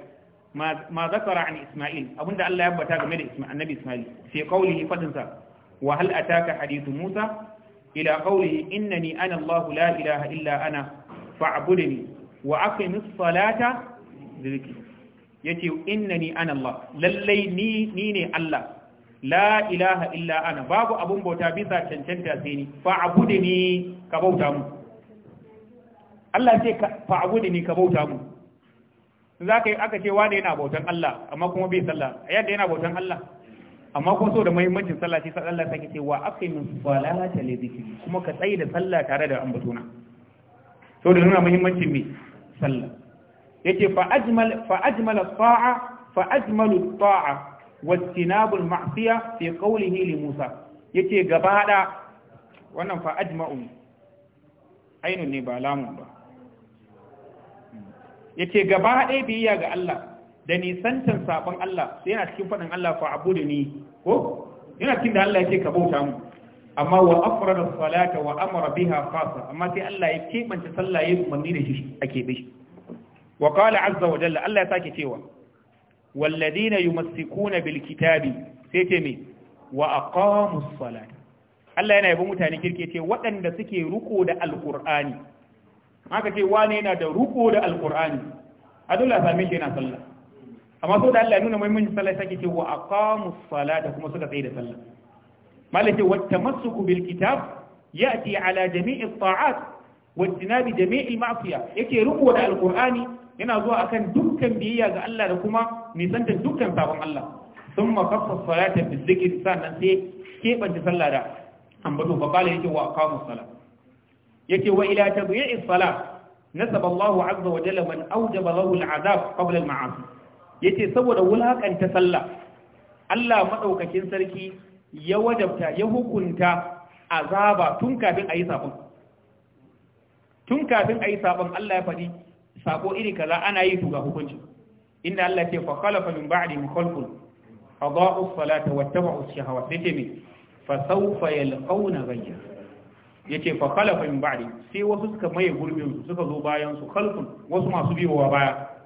S1: ما ذكر عن إسماعيل أبن ده الله يبتاك من إسماعيل النبي إسماعيل في قوله فتنسى وهل أتاك حديث Musa. ila qawlihi innani ana Allahu la ilaha illa ana fa'budni wa aqimis salata dhikri yace innani ana Allah lallai ni ne Allah la ilaha illa ana babu abun bauta bisa cancanta sai ni ka bauta mu Allah ka fa'budni aka ce wani yana bautan Allah amma kuma bai sallah yadda yana bautan Allah amma kuma so da muhimmancin sallah sai Allah sake ce wa aqimus salata li dhikri kuma ka tsaye da sallah tare da ambatona so da nuna muhimmancin me sallah yace fa ajmal fa ajmal as-sa'a fa ajmal as-sa'a wastinab al-ma'siya fi qawlihi li Musa yace gaba da wannan fa ajma'u ainun ne ba lamun ba yace gaba ɗaya biyayya ga Allah da nisantan sabon Allah sai yana cikin faɗin Allah fa ni? ko yana cikin da Allah yake ka bauta mu amma wa afrada salata wa amara biha khassa amma sai Allah ya kebance sallah ya umarni da shi ake bi wa qala azza wa jalla Allah ya sake cewa walladina yumassikuna bil kitabi sai ce me wa aqamus salata Allah yana yabon mutane kirke ce waɗanda suke ruko da alqur'ani haka ce wane yana da ruko da alqur'ani a dole a same shi yana sallah amma so da Allah ya nuna muhimmancin sallah sai ke wa aqamu salata kuma suka tsaye da sallah malaka wa tamassuku bil kitab ya'ti ala jami'i at-ta'at wa ijtinabi jami'i al-ma'siyah yake ruku da alqur'ani yana zuwa akan dukkan biyayya ga Allah da kuma nisanta dukkan sabon Allah thumma khassa salata bi dhikri sannan sai kebanta sallah da ambato fa kala yake wa aqamu salat yake wa ila tadyi'i salat nasaba Allah azza wa jalla man awjaba lahu al-'adab qabla al-ma'asi yace saboda wulakanta sallah Allah maɗaukakin sarki ya wajabta ya hukunta azaba tun kafin a yi sabon tun kafin a yi sabon Allah ya faɗi sako iri kaza ana yi tuga hukunci inda Allah ce fa khalafa min ba'dihim khalqun adaa'u as-salata wattaba'u ash-shahawat yace me fa sawfa yalqawna ghayya yace fa khalafa min ba'di sai wasu suka maye gurbin su suka zo bayan su khalqun wasu masu biyowa baya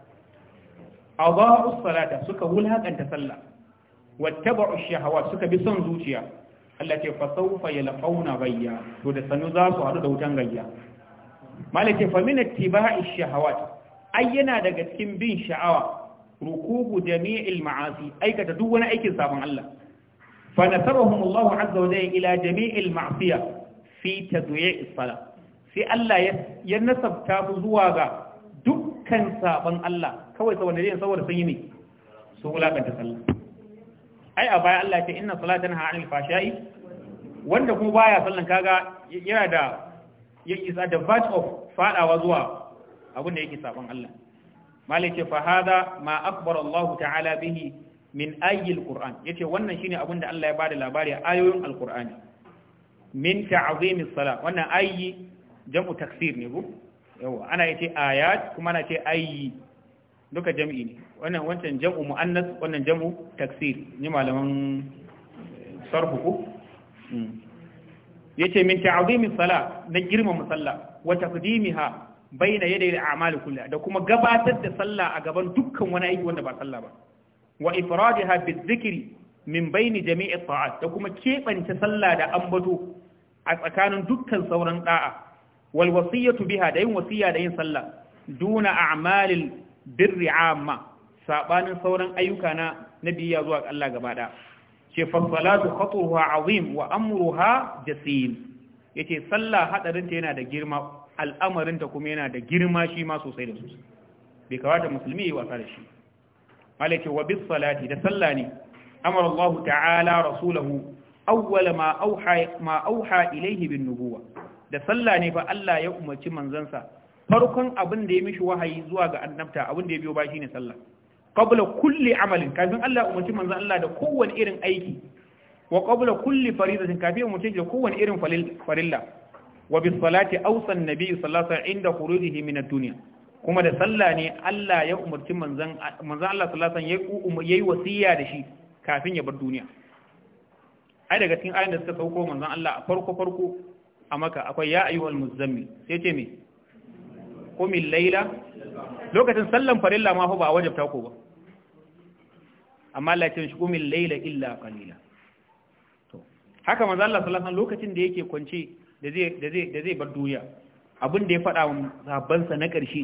S1: adha'u salata suka wulakanta sallah wattaba'u shahawat suka bi son zuciya Allah ce fa sawfa yalqawna gayya to da sanu za su haɗu da wutan gayya malaka fa min ittiba'i shahawat ai yana daga cikin bin sha'awa rukubu jami'il ma'asi aikata duk wani aikin sabon Allah fa nasarahum Allah azza wa jalla ila jami'il ma'siya fi tadwi'i salat sai Allah ya nasabta mu zuwa ga dukkan sabon Allah kawai saboda yin saboda sun yi ne su wulakanta sallah ai a baya Allah ce inna salata ha anil fashai wanda kuma baya sallan kaga yana da is at the verge of fadawa zuwa abin da yake sabon Allah malai ce fa hada ma akbar Allah ta'ala bihi min ayyil qur'an yace wannan shine abin da Allah ya bada labari a ayoyin alqur'ani min ta'zimis salat wannan ayyi jam'u taksir ne ko yawa ana yace ayat kuma ana ce ayyi duka jam'i ne wannan wancan jam'u mu'annas wannan jam'u taksir ni malaman sarhu ko hmm. yace min ta'zimi sala na girma musalla wa taqdimiha baina yadayil a'mal kulliha da kuma gabatar da sallah a gaban dukkan wani aiki wanda ba sallah ba wa ifradiha bizikri min baini jami'i ta'at da kuma kebance sallah da ambato a tsakanin dukkan sauran da'a wal wasiyatu biha da yin wasiya da yin sallah duna a'malil birri amma sabanin sauran ayyuka na nabiyya zuwa Allah gaba da ce fa salatu khatuha azim wa amruha jasim yace sallah hadarin ta yana da girma al'amarin ta kuma yana da girma shi ma sosai da sosai bai kawata musulmi yi wasa da shi malaki wa bis salati da sallah ne amara Allah ta'ala rasulahu awwal ma auha ma auha ilayhi bin nubuwa da sallah ne fa Allah ya umarci manzansa farkon abin da ya mishi wahayi zuwa ga annabta abin da ya biyo ba shine sallah qabla kulli amalin kafin Allah umarci manzon Allah da kowanne irin aiki wa qabla kulli faridatin kafin umarci da kowanne irin farilla wa bi salati awsa an-nabi sallallahu alaihi wasallam inda khurujihi min ad-dunya kuma da sallah ne Allah ya umarci manzon manzon Allah sallallahu alaihi wasallam yayi wasiya da shi kafin ya bar duniya ai daga cikin ayoyin da suka sauko manzon Allah a farko farko a maka akwai ya ayyuhal muzammil sai ce me kumin laila lokacin sallan farilla ma fa ba a wajabta ko ba amma Allah ya ce kumin laila illa qalila to haka manzo Allah sallallahu alaihi lokacin da yake kwance da zai da zai da zai bar duniya abin da ya faɗa wa sabansa na ƙarshe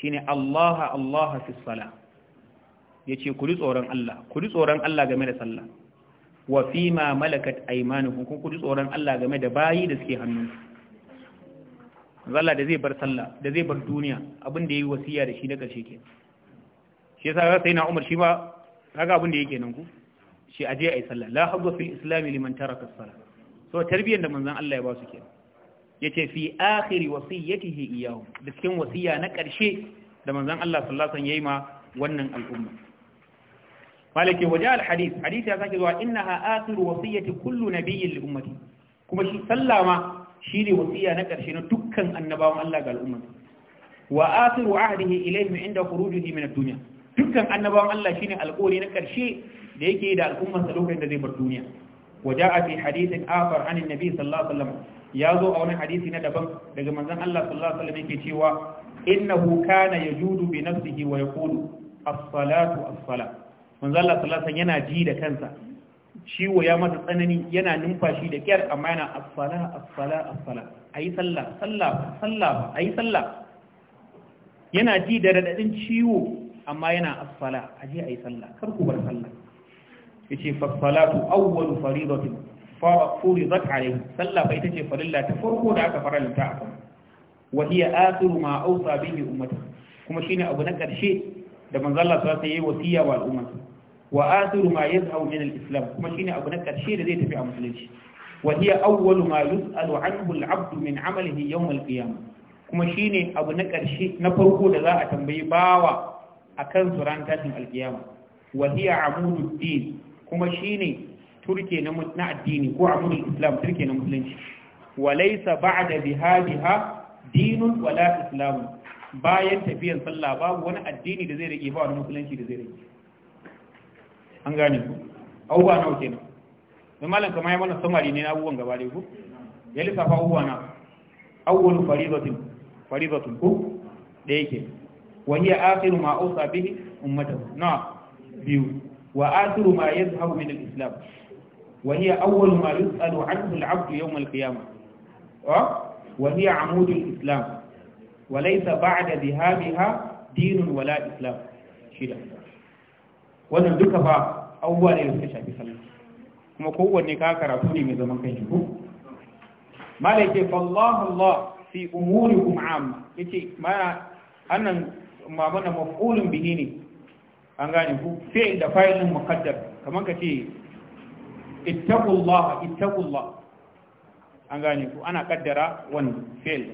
S1: shine Allah Allah fi sala yace kudi tsoron Allah Kudi tsoron Allah game da sallah wa fi ma malakat aymanukum ku tsoron Allah game da bayi da suke hannunsu Allah da zai bar sallah da zai bar duniya abin da yi wasiya da shi na karshe ke shi yasa sai na Umar shi ba kaga abin da yake nan ku shi aje ayi sallah la hadwa fil islam liman taraka as so tarbiyyar da manzon Allah ya ba su ke yace fi akhir wasiyatihi iyahu da cikin wasiya na karshe da manzon Allah sallallahu alaihi wasallam yayi ma wannan al'umma malaki waje al-hadith hadith ya sake zuwa innaha akhir wasiyati kullu nabiyyin li ummati kuma shi sallama shine wasiya na ƙarshe na dukkan annabawan Allah ga al'umma wa asiru ahdihi ilayhim inda khurujihi min ad dukkan annabawan Allah shine alƙawari na ƙarshe da yake da al'umman sa lokacin da zai bar duniya wa ja'a fi hadithin akhar an nabi sallallahu alaihi wasallam ya zo a wani hadisi na daban daga manzon Allah sallallahu alaihi wasallam yake cewa innahu kana yajudu bi nafsihi wa yaqulu as-salatu as-salat manzon Allah sallallahu alaihi wasallam yana ji da kansa ciwo ya masa tsanani yana numfashi da kyar amma yana asfala asfala asfala ayi sallah sallah sallah ayi sallah yana ji da radadin ciwo amma yana asfala aje ayi sallah kar ku bar sallah ce fa salatu awwalu faridatin fa furidat alayhi sallah bai ta ce farilla ta farko da aka faranta a kan wa hiya asiru ma awsa bihi ummati kuma shine abu na karshe da manzo Allah sallallahu alaihi wasallam wasiya wa al'ummata wa asiru ma yaz'u min al-islam kuma shine abu na karshe da zai tafi a musulunci wa hiya awwalu ma yus'alu anhu al-'abdu min 'amalihi yawm al-qiyamah kuma shine abu na karshe na farko da za a tambayi bawa akan suran tashin al-qiyamah wa hiya 'amudud din kuma shine turke na na addini ko amudul islam turke na musulunci wa laysa ba'da bihadiha dinun wala islam bayan tafiyan sallah babu wani addini da zai rage ba wani musulunci da zai rage an gane ku abubuwa nawa kenan don malam kamar ya mana samari ne na abubuwan gaba dai ku ya lissafa abubuwa na awwalu faridatun faridatun ku da yake wa hiya akhiru ma awsa bihi ummatahu na biyu wa akhiru ma yadhhabu min al-islam Wani hiya awwalu ma yus'alu anhu al-'abdu yawm al-qiyamah wa hiya 'amud al-islam wa laysa ba'da dhihabiha dinun wala islam shida wannan duka fa abubuwa ne da suka shafi sallah kuma kowanne ka karatu ne mai zaman kai ko malai ce fallahu allah fi umurikum amma yace mana annan ma mana maf'ulun bihi ne an gane ku fi'il da fa'ilun muqaddar kaman ka ce ittaqullaha ittaqullah an gane ku ana kaddara wannan fi'il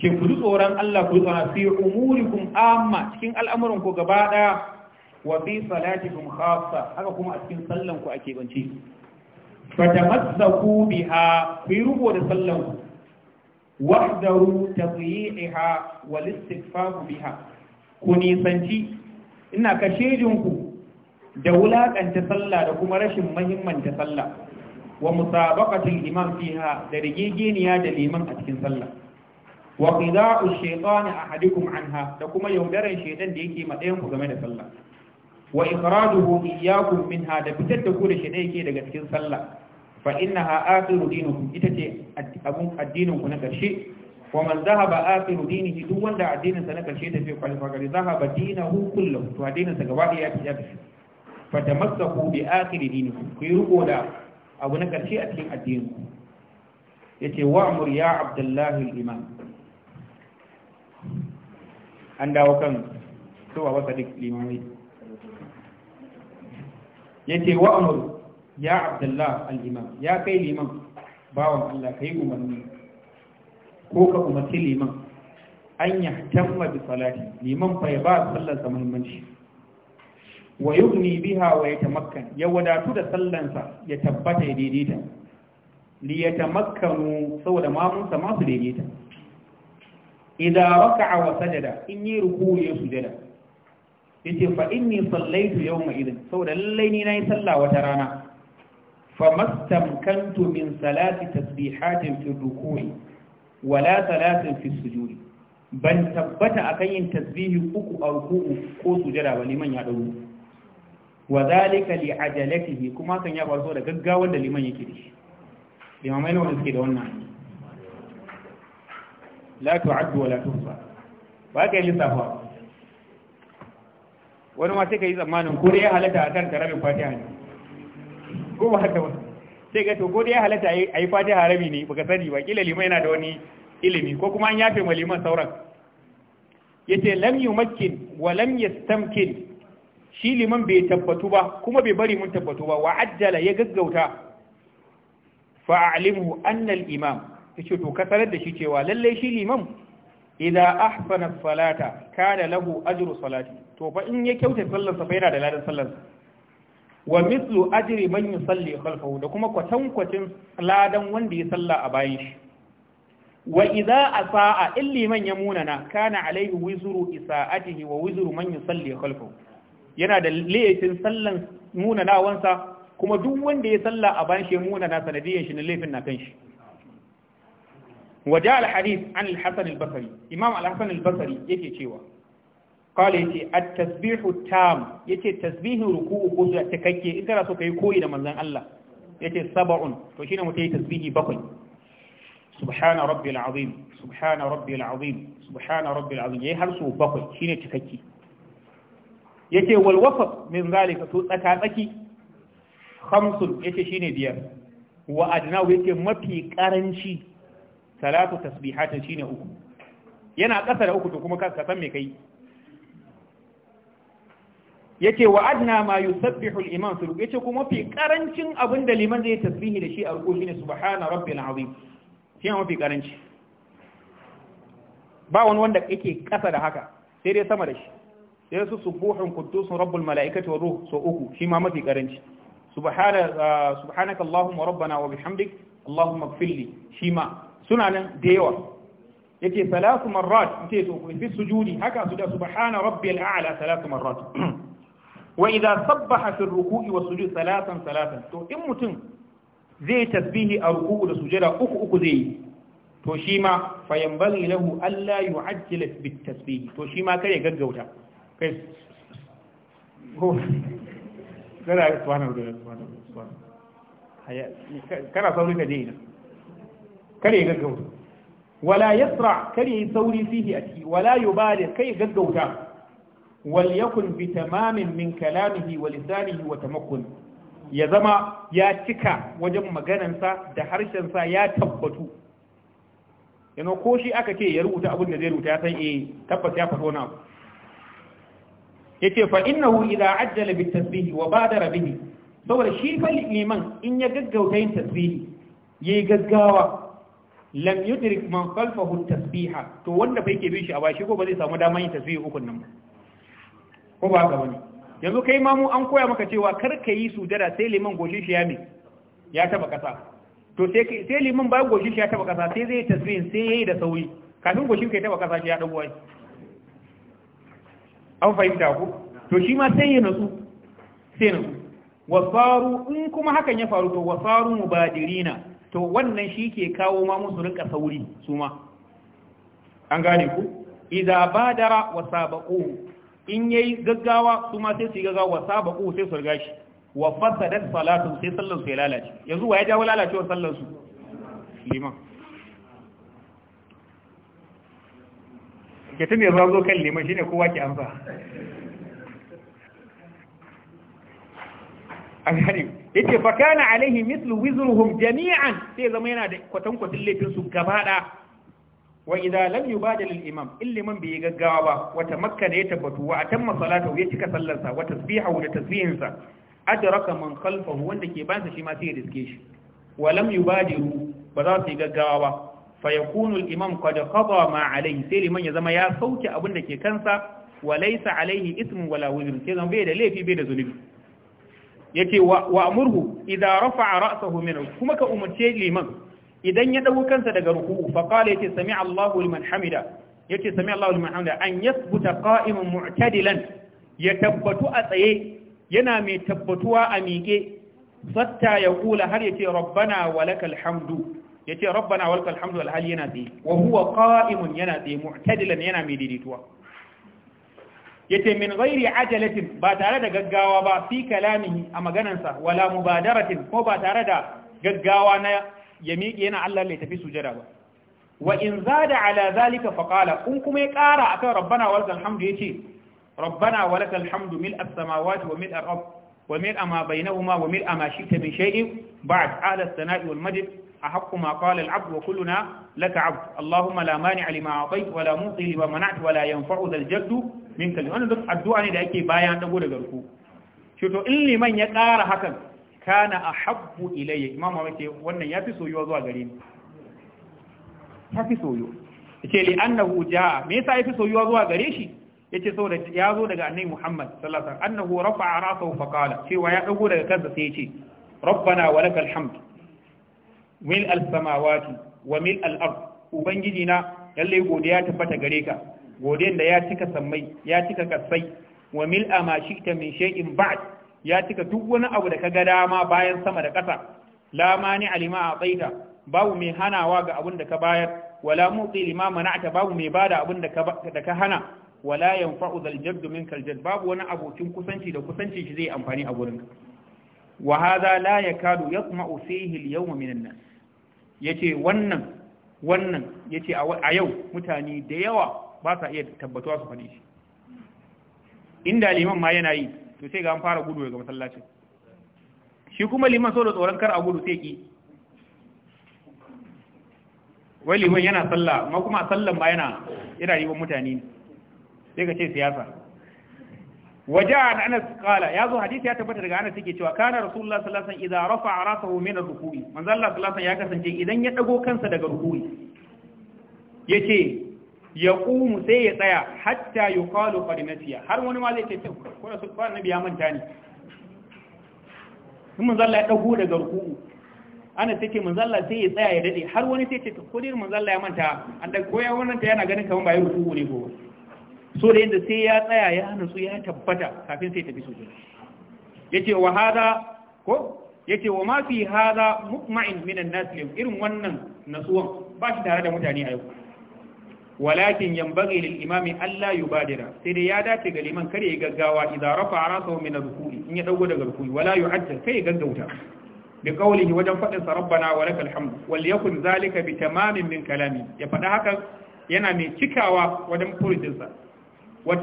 S1: ce ku tsoron Allah ku tsoron fi umurikum amma cikin al'amuran ku gaba daya wa fi salatikum khassa haka kuma a cikin sallan ku ake bance fatamassaku biha ku yi rubo da sallan ku wahdaru tadyi'iha wal istighfaru biha ku nisanci ina kashejin ku da wulakanta sallah da kuma rashin muhimmanta sallah wa musabaqatul imam fiha da rigegeniya da liman a cikin sallah wa qida'u shaytan ahadukum anha da kuma yaudaran shaytan da yake madayan ku game da sallah wa ikhrajuhu iyyakum minha da fitar da ku da shi yake daga cikin sallah fa innaha akhiru dinikum ita ce abun addinin ku na karshe wa man zahaba akhiru dinihi duk wanda addinin sa na karshe tafi kwalfa gari zahaba dinahu kullu to addinin sa gaba ɗaya ya tafi fa tamassaku bi akhiri dinikum ku yi riko da abu na karshe a cikin addinin ku yace wa'mur ya abdullahi al-imam an dawo kan to wa wasa duk limamai yace wa amuru ya abdullah al ya kai liman bawan Allah ka yi umarni ko ka umarci liman an yahtamma bi salati liman fa ya ba sallar sa muhimmanci wa yugni biha wa ya yatamakkan ya wadatu da sallansa ya tabbata ya daidaita li mu saboda mamunsa masu daidaita. daidaita idza raka'a wa sajada in yi ruku ya sujada yace fa inni sallaitu yawma idin saboda lallai ni nayi sallah wata rana fa mastamkantu min salati tasbihatin fi ruku'i wala salatin fi sujudi ban tabbata akan yin tasbihi uku a ruku'u ko sujada ba liman ya dauro wa zalika li ajalatihi kuma kan ya faru da gaggawar da liman yake dashi limamai ne wanda suke da wannan la tu'addu wa la tuhsa ba ka yi lissafa wani ma sai ka yi tsammanin ko dai ya halatta a karanta tarabin fatiha ne ko ba haka ba sai ka to ko dai ya halatta a yi fatiha rabi ne baka sani ba kila liman yana da wani ilimi ko kuma an yafe ma liman sauran Ya ce lam makin wa lam stamkin. shi liman bai tabbatu ba kuma bai bari mun tabbatu ba wa ajjala ya gaggauta fa a alimu annal imam ce to ka sanar da shi cewa lallai shi liman idza ahsana salata kana lahu ajru salati to fa in ya kyauta sallarsa fa yana da ladan sallarsa wa mithlu ajri man yusalli khalfahu da kuma kwatan kwatin ladan wanda ya salla a bayan shi wa idza asaa illi man ya kana alayhi wizru isaatihi wa wizru man yusalli khalfahu yana da laifin sallan munanawansa kuma duk wanda ya salla a bayan shi munana sanadiyan shi ne laifin na kan shi waje alhadis an alhassan albasari imam alhassan albasari yake cewa kawai ce a tasbihu tam yake tasbihin ruku'u ko zuwa cikakke in kana so ka yi koyi da manzan Allah yake saba'un to shine mutum ya tasbihi bakwai subhana rabbi al'azim subhana rabbi al'azim subhana rabbi al'azim yayi har su bakwai shine cikakke yake wal wafaq min zalika to tsaka tsaki khamsun yake shine biyar wa adna yake mafi karanci salatu tasbihatin shine uku yana ƙasa da uku to kuma ka san me kai yace wa adna ma yusabbihu al-imam su yace kuma fi karancin abin da liman zai tasbihi da shi a ruku shine subhana rabbil azim shi ne mafi karanci ba wani wanda yake ƙasa da haka sai dai sama da shi sai su subuhun quddusun rabbul malaikati wa ruh so uku shi ma mafi karanci subhana ah, subhanaka allahumma rabbana wa bihamdik allahumma ighfir li shi suna nan da yawa yake salatu marrat yake to ku fi sujudi haka su da subhana rabbiyal a'la salatu marrat <clears throat> wa idza sabbaha fi ruku'i wa sujudi salatan salatan to in mutum zai tasbihi a ruku'u da sujada uku uku zai yi to shi ma fayanbaghi lahu alla yu'ajjila bi tasbih to shi ma kare gaggauta kai ko oh, <laughs> kana subhanallahi subhanallahi subhanallahi kana sauri ka je ina kare gaggauta wala yasra kare sauri fihi a ciki wala yubadir kai gaggauta wal yakun bi tamamin min kalamihi wa lisanihi wa tamakkun ya zama ya cika wajen maganansa da harshen sa ya tabbatu yana ko shi aka ce ya rubuta abin da zai rubuta ya san eh tabbas ya faɗo wani abu yace fa innahu idza ajjala bit tasbihi wa badara bihi saboda shi fa liman in ya gaggauta yin tasbihi yayi gaggawa lam yudrik man khalfahu tasbiha to wanda bai ke bin shi a bashi ko ba zai samu damar yin tasbihu ukun nan ko ba ka bane yanzu kai ma mu an koya maka cewa kar ka yi sujada sai liman goshin shi ya me ya taba kasa to sai sai liman bayan goshin shi ya taba kasa sai zai tasbihin sai yayi da sauri kafin goshin kai taba kasa shi ya dago ai an fahimta ku to shi ma sai ya natsu sai natsu wasaru in kuma hakan ya faru to wasaru mubadirina to wannan shi ke kawo ma musu rinka sauri su ma an gane ku idza badara wa sabaqu in yayi gaggawa su ma sai su gaggawa wa sabaqu sai su riga shi wa fasadat salatu sai sallar su ya lalace yanzu wa ya jawo lalacewa sallar su liman ke tun yanzu zo kan liman shine kowa ke amsa a gane ya ce fakana alaihi mislu wizruhum jami'an sai zama yana da kwatankwatin laifinsu su gaba da wa idza lam yubadil al imam illiman bi gaggawa ba wata makka da ya tabbatu wa atamma salatahu ya cika sallar sa wa tasbihahu da tasbihin sa adraka man khalfahu wanda ke bansa shi ma sai ya shi wa lam yubadiru ba za su yi gaggawa ba fa yakunu al imam qad qada ma alaihi sai liman ya zama ya sauke abin da ke kansa wa laysa alaihi ismun wala wizrun sai zama bai da laifi bai da zunubi yace wa amurhu idza rafa'a ra'sahu min kuma ka umarce liman idan ya dago kansa daga ruku'u fa qala yace sami Allahu liman hamida yace sami Allahu liman hamida an yasbuta qa'iman mu'tadilan ya tabbatu a tsaye yana mai tabbatuwa a miƙe satta ya kula har yace rabbana walakal hamdu yace rabbana walakal hamdu alhal yana tsaye wa huwa qa'imun yana tsaye mu'tadilan yana mai daidaituwa yace min ghairi ajalatin ba tare da gaggawa ba fi kalamihi a maganansa wala mubadaratin ko ba tare da gaggawa na ya miƙe yana Allah lai tafi sujada ba wa in zada ala zalika fa qala in kuma ya ƙara akan rabbana wa lakal hamdu yace rabbana wa lakal hamdu mil as-samawati wa mil al-ard wa mil ma bainahuma wa mil ma shi'ta min shay'in ba'd ala as-sana'i wal majd أحق ما قال العبد وكلنا لك عبد اللهم لا مانع لما أعطيت ولا موطي لما منعت ولا ينفع ذا الجد min kalli wannan duk addu'a ne da ake bayan dago daga ruku shi to in liman ya ƙara hakan kana ahabbu ilayya imam Muhammad ce wannan yafi soyuwa zuwa gare ni yafi soyo yace li annahu jaa me yasa yafi soyuwa zuwa gare shi yace saboda ya zo daga annabi Muhammad sallallahu alaihi wasallam annahu rafa'a ra'sahu fa qala cewa ya dago daga kansa sai yace rabbana wa lakal hamd mil as samawati wa mil al ard ubangiji na lalle godiya tabbata gare ka godiyar da ya cika sammai ya cika kasai wa mil'a ma shi'ta min shay'in ba'd ya cika duk wani abu da ka ga dama bayan sama da ƙasa la mani alima a babu mai hanawa ga abun da ka bayar wala mutsi lima mana'ata babu mai bada abun da ka hana wala yanfa'u zal jadd minkal jadd babu wani abokin kusanci da kusanci shi zai amfani a gurinka wa hadha la yakadu yatma'u fihi al-yawma an nas yace wannan wannan yace a yau mutane da yawa ba sa iya tabbatuwa su faɗi shi inda liman ma yana yi to sai ga an fara gudu daga masallacin shi kuma liman so da tsoron kar a gudu sai ki wai liman yana sallah ma kuma sallan ba yana yana liman mutane ne sai ka ce siyasa waje an anas kala ya zo hadisi ya tabbata daga anas yake cewa kana rasulullah sallallahu alaihi wasallam idan rafa'a rasahu min ar-ruku'i manzo Allah sallallahu alaihi wasallam ya kasance idan ya dago kansa daga ruku'i yace ya ƙumu sai ya tsaya hatta yi kwalo ƙwarinasiya har wani ma zai ce kuna su kwanan biya manta ne sun manzalla ya ɗago daga ruku'u ana take manzalla sai ya tsaya ya daɗe har wani sai ce kudin manzalla ya manta an da koya wannan ta yana ganin kamar ba ya ruku'u ne gobe so da yadda sai ya tsaya ya nutsu ya tabbata kafin sai tafi sojoji ya ce wa hada ko ya ce wa ma fi hada mukma'in minan nasiyam irin wannan nasuwan ba shi tare da mutane a yau walakin yanbaghi lil imami Allah yubadira sai dai ya dace ga liman kare ya gaggawa idan rafa rasahu min in ya dago daga rukui wala yu'ajjal kai ya gaggauta bi wajen fadin sa rabbana wa lakal hamd wal yakun zalika bi tamamin min kalami ya fada haka yana mai cikawa wajen furucin sa wa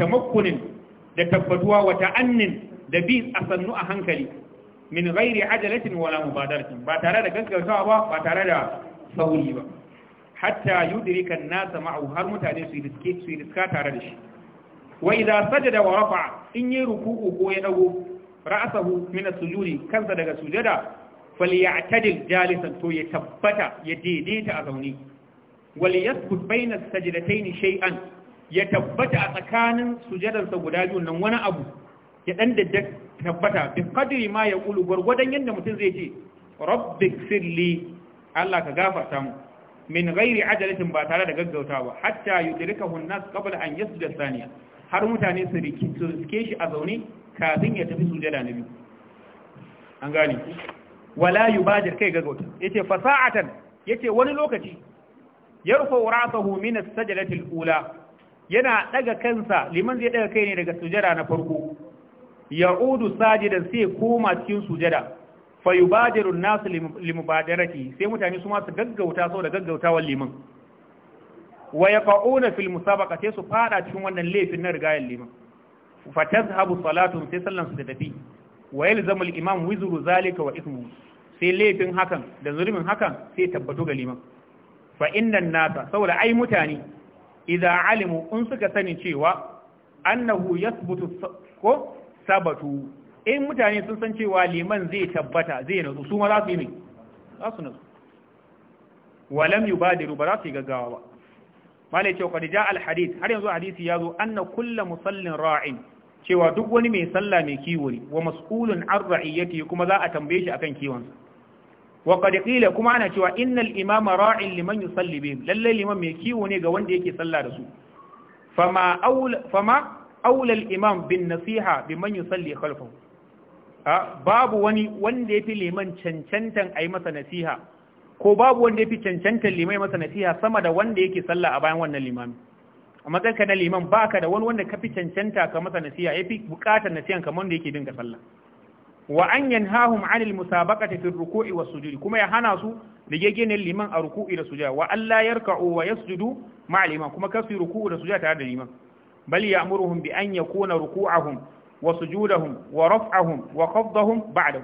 S1: da tabbatuwa da a sannu a hankali min ajalatin wala ba tare da gaggautawa ba tare da sauri ba hatta yudrika an-nasa ma'ahu har mutane su riske su riska tare da shi wa idza sajada wa rafa'a in yi ruku'u ko ya dago ra'sahu min as-sujudi kansa daga sujada falyatadil jalisan to ya tabbata ya daidaita a zaune wal yasbut bayna as-sajdatayn shay'an ya tabbata a tsakanin sujadarsa guda biyu nan wani abu ya dan da tabbata bi qadri ma yaqulu gurgudan yanda mutum zai ce rabbik sirli Allah ka gafarta mu min ghairi ajalatin ba tare da gaggautawa hatta yudrikahu an-nas qabla an yasjuda thaniya har mutane su rike shi a zaune kafin ya tafi sujada na biyu an gane wala yubajir kai gaggauta yace fasa'atan yace wani lokaci yarfa ra'sahu min as-sajdati al-ula yana daga kansa liman zai daga kai ne daga sujada na farko ya'udu sajidan sai koma cikin sujada fa yubadiru an-nas limubadarati sai mutane su ma su gaggauta saboda gaggautawar liman wa yaqauna fil musabaqa sai su fada cikin wannan laifin na rigayen liman fa tazhabu salatu sai sallan su da tafi wa yalzamu al-imam wizru zalika wa ithmu sai laifin hakan da zulmin hakan sai tabbatu ga liman fa innan nasa saboda ai mutane idza alimu in suka sani cewa annahu yasbutu ko sabatu in mutane sun san cewa liman zai tabbata zai nazo su ma za su yi ne za su nazu walam yubadiru ba za su yi gaggawa ba malai cewa kwadi ja har yanzu hadisi ya zo anna kulla musallin ra'in cewa duk wani mai sallah mai kiwo ne wa mas'ulun an ra'iyyati kuma za a tambaye shi akan sa wa qad qila kuma ana cewa innal imama ra'in liman yusalli bihim lalle liman mai kiwo ne ga wanda yake sallah da su fama aula fama aula al imam bin nasiha biman yusalli khalfahu babu wani wanda ya fi liman cancantan a yi masa nasiha ko babu wanda ya fi cancantan limai masa nasiha sama da wanda yake sallah a bayan wannan limami a matsayinka na liman ba ka da wani wanda ka fi cancanta ka masa nasiha ya fi bukatar nasiha kamar wanda yake bin ka sallah wa an yanhahum anil musabaqati fi ruku'i was sujudi kuma ya hana su da gegenin liman a ruku'i da sujada wa alla yarka'u wa yasjudu ma'a liman kuma kasu ruku'u da sujada tare da liman bal ya'muruhum bi an yakuna ruku'ahum wa sujudahum wa raf'ahum wa qabdahum ba'dahu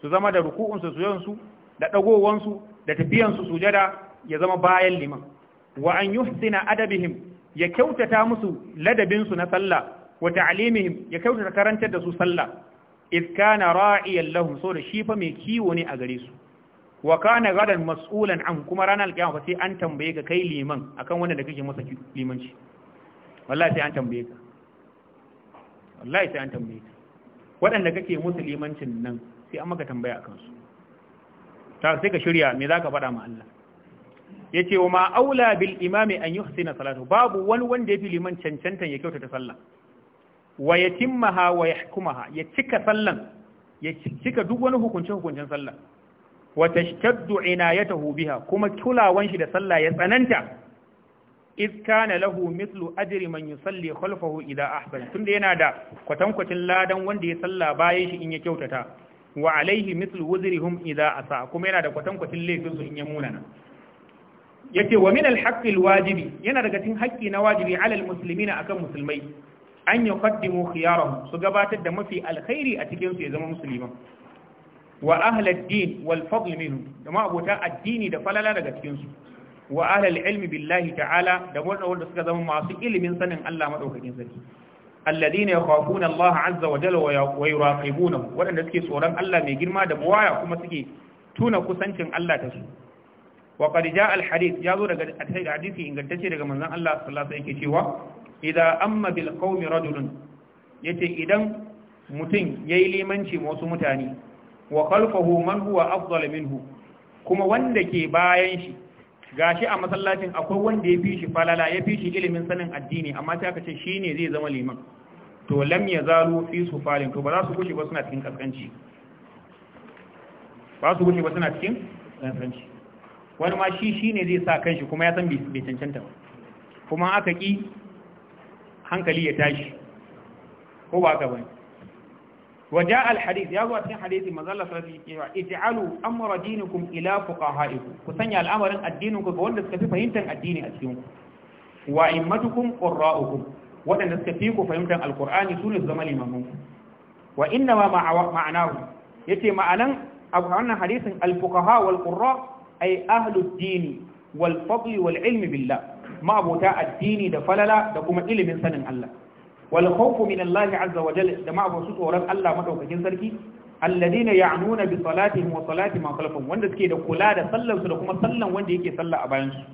S1: su zama da ruku'un su suyansu da dagowan su da tafiyan su sujada ya zama bayan liman wa an yuhsina adabihim ya kyautata musu ladabin su na sallah wa ta'limihim ya kyautata karantar da su sallah iz kana ra'iyan lahum so da shi fa mai kiwo ne a gare su wa kana gadan mas'ulan an kuma ranar alƙiyama fa sai an tambaye ka kai liman akan wanda da kake masa limanci wallahi sai an tambaye ka wallahi sai an tambaye waɗanda kake musulmancin nan sai an maka tambaya a kansu ta sai ka shirya me za ka faɗa ma Allah ya ce wa ma aula bil imami an yi husina salatu babu wani wanda ya fi liman cancantan ya kyautata sallah wa ya timmaha wa ya hukumaha ya cika sallan ya cika duk wani hukunce hukuncen sallah wa tashtaddu inayatahu biha kuma kulawan shi da sallah ya tsananta iz kana lahu mislu ajri man yusalli khalfahu idha ahsan tunda yana da kwatankwacin ladan wanda ya salla bayan shi in ya kyautata wa alaihi mithlu wuzrihum idha asa kuma yana da kwatankwacin laifin su in ya munana yace wa min al-haqqi wajibi yana daga cikin haƙƙi na wajibi alal muslimina akan musulmai an yuqaddimu khiyarahum su gabatar da mafi alkhairi a cikin su ya zama musulman wa ahlad din wal fadl minhum da abota addini da falala daga cikin su wa ahlal ilmi billahi ta'ala da wanda wanda suka zama masu ilimin sanin Allah madaukakin sarki alladina yakhafuna Allah azza wa jalla wa yuraqibunahu wanda suke tsoron Allah mai girma da buwaya kuma suke tuna kusancin Allah ta su wa qad jaa al hadith ya zo daga hadisi ingantacce daga manzon Allah sallallahu alaihi wasallam yake cewa idza amma bil qaumi rajulun yace idan mutum yayi limanci wasu mutane wa khalfahu man huwa afdal minhu kuma wanda ke bayan shi gashi a masallacin akwai wanda ya fi shi falala ya fi shi ilimin sanin addini amma sai aka ce shi ne zai zama liman to lam ya fi su falin to ba za su gushe ba suna cikin kaskanci ba su gushe ba suna cikin kaskanci wani ma shi shi ne zai sa kanshi kuma ya san bai cancanta ba kuma aka ki hankali ya tashi ko ba ka bane wa ja ya zo a cikin hadisi manzo Allah sallallahu alaihi wasallam ij'alu amra dinikum ila fuqaha'ikum ku sanya al'amarin addinin ku ga wanda suka fi fahimtar addini a cikin ku wa immatukum qurra'ukum wadanda suka fi ku fahimtar alqur'ani sune zama limamun wa inna ma ma'anahu yace ma'anan abu hadisin al-fuqaha wal qurra ay ahlud dini wal fadli wal ilmi billah ma addini da falala da kuma ilimin sanin Allah wal minallahi min azza wa da ma'a tsoron Allah maɗaukakin sarki ya nuna bi salatihim wa salati ma wanda suke da kula da sallar da kuma sallan wanda yake sallah a bayansu.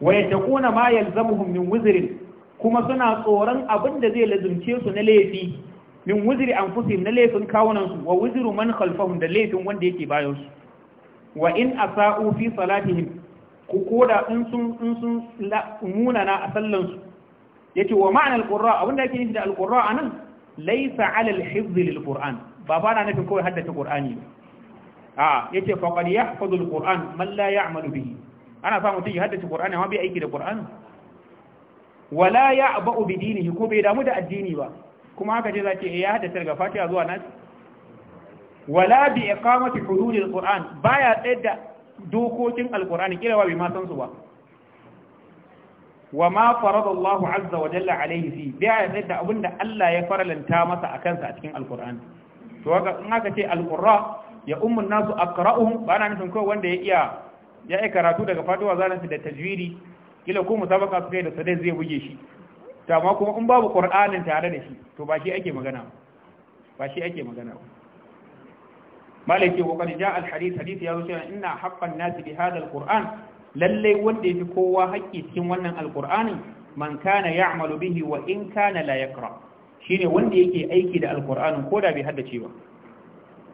S1: su wa ma yalzamuhum min wuzrin kuma suna tsoron abin da zai lazumce su na laifi min an anfusihim na laifin kawunansu, wa wuzru man khalfahum da laifin wanda yake bayansu. wa in asa'u fi salatihim ku koda in sun in sun munana a sallansu. yace wa ma'anar alqurra abinda yake nufi da alqurra anan laysa 'ala al-hifz lil-qur'an ba ba na nufin kawai haddace qur'ani a yace faqad yahfazu al-qur'an malla la ya'malu bihi ana sa mutum ya haddace qur'ani amma bai aiki da qur'ani wala ya ya'ba'u bi dini ko bai damu da addini ba kuma haka ce za ce eh, ya haddace daga fatiha zuwa nas wala bi iqamati hududil qur'an baya tsayar da dokokin alqur'ani kira ba bai ma san su ba wa ma faradallahu azza wa jalla alaihi fi bai yarda da abinda Allah ya faralanta masa a kansa a cikin alqur'ani to haka in aka ce alqurra ya ummun nasu aqra'uhum ba na nufin kawai wanda ya iya ya yi karatu daga fatuwa zanen da tajwidi kila ko musabaka su kai da sadai zai buge shi ta ma kuma in babu qur'anin tare da shi to ba shi ake magana ba shi ake magana ba malaki wa qad jaa al hadith hadith ya zo cewa inna haqqan nas bi hadha al qur'an lallai wanda ya fi kowa haƙƙi cikin wannan alƙur'anin man kana ya'malu bihi wa in kana la yaqra shine wanda yake aiki da alƙur'anin ko da bai haddace ba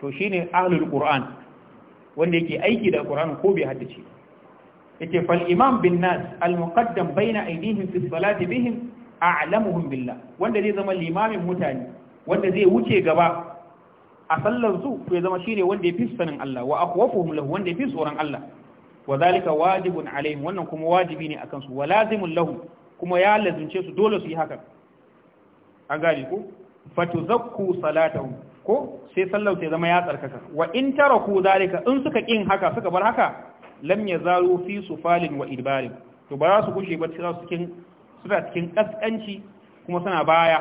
S1: to shine ahlul qur'an wanda yake aiki da alƙur'anin ko bai haddace ba yake fal imam bin nas al muqaddam baina aydihim fi salati bihim a'lamuhum billah wanda zai zama limamin mutane wanda zai wuce gaba a sallar su to ya zama shine wanda ya fi sanin Allah wa akhwafuhum lahu wanda ya fi tsoron Allah wa zalika wajibun alaihim wannan kuma wajibi ne akan su wa lazimun lahu kuma ya lazimce su dole su yi haka an gane ko fatuzakku salatahum ko sai sallau ta zama ya tsarkaka wa in taraku zalika in suka kin haka suka bar haka lamya yazalu fi sufalin wa idbarin to ba za su gushe ba su cikin cikin kaskanci kuma suna baya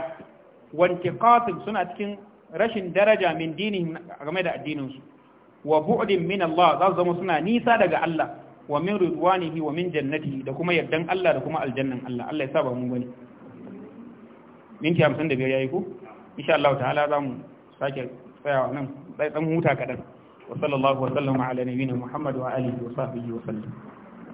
S1: wantiqatin suna cikin rashin daraja min dinihim game da addininsu. wa bu'din min Allah za su zama suna nisa daga Allah wa min ridwanihi wa min jannatihi da kuma yardan Allah da kuma aljannan Allah Allah ya saba mu bane minti 55 yayi ko insha Allah ta'ala za mu sake tsayawa nan sai dan huta kadan wa sallallahu wa sallama ala nabiyyina Muhammad wa alihi wa sahbihi wa sallam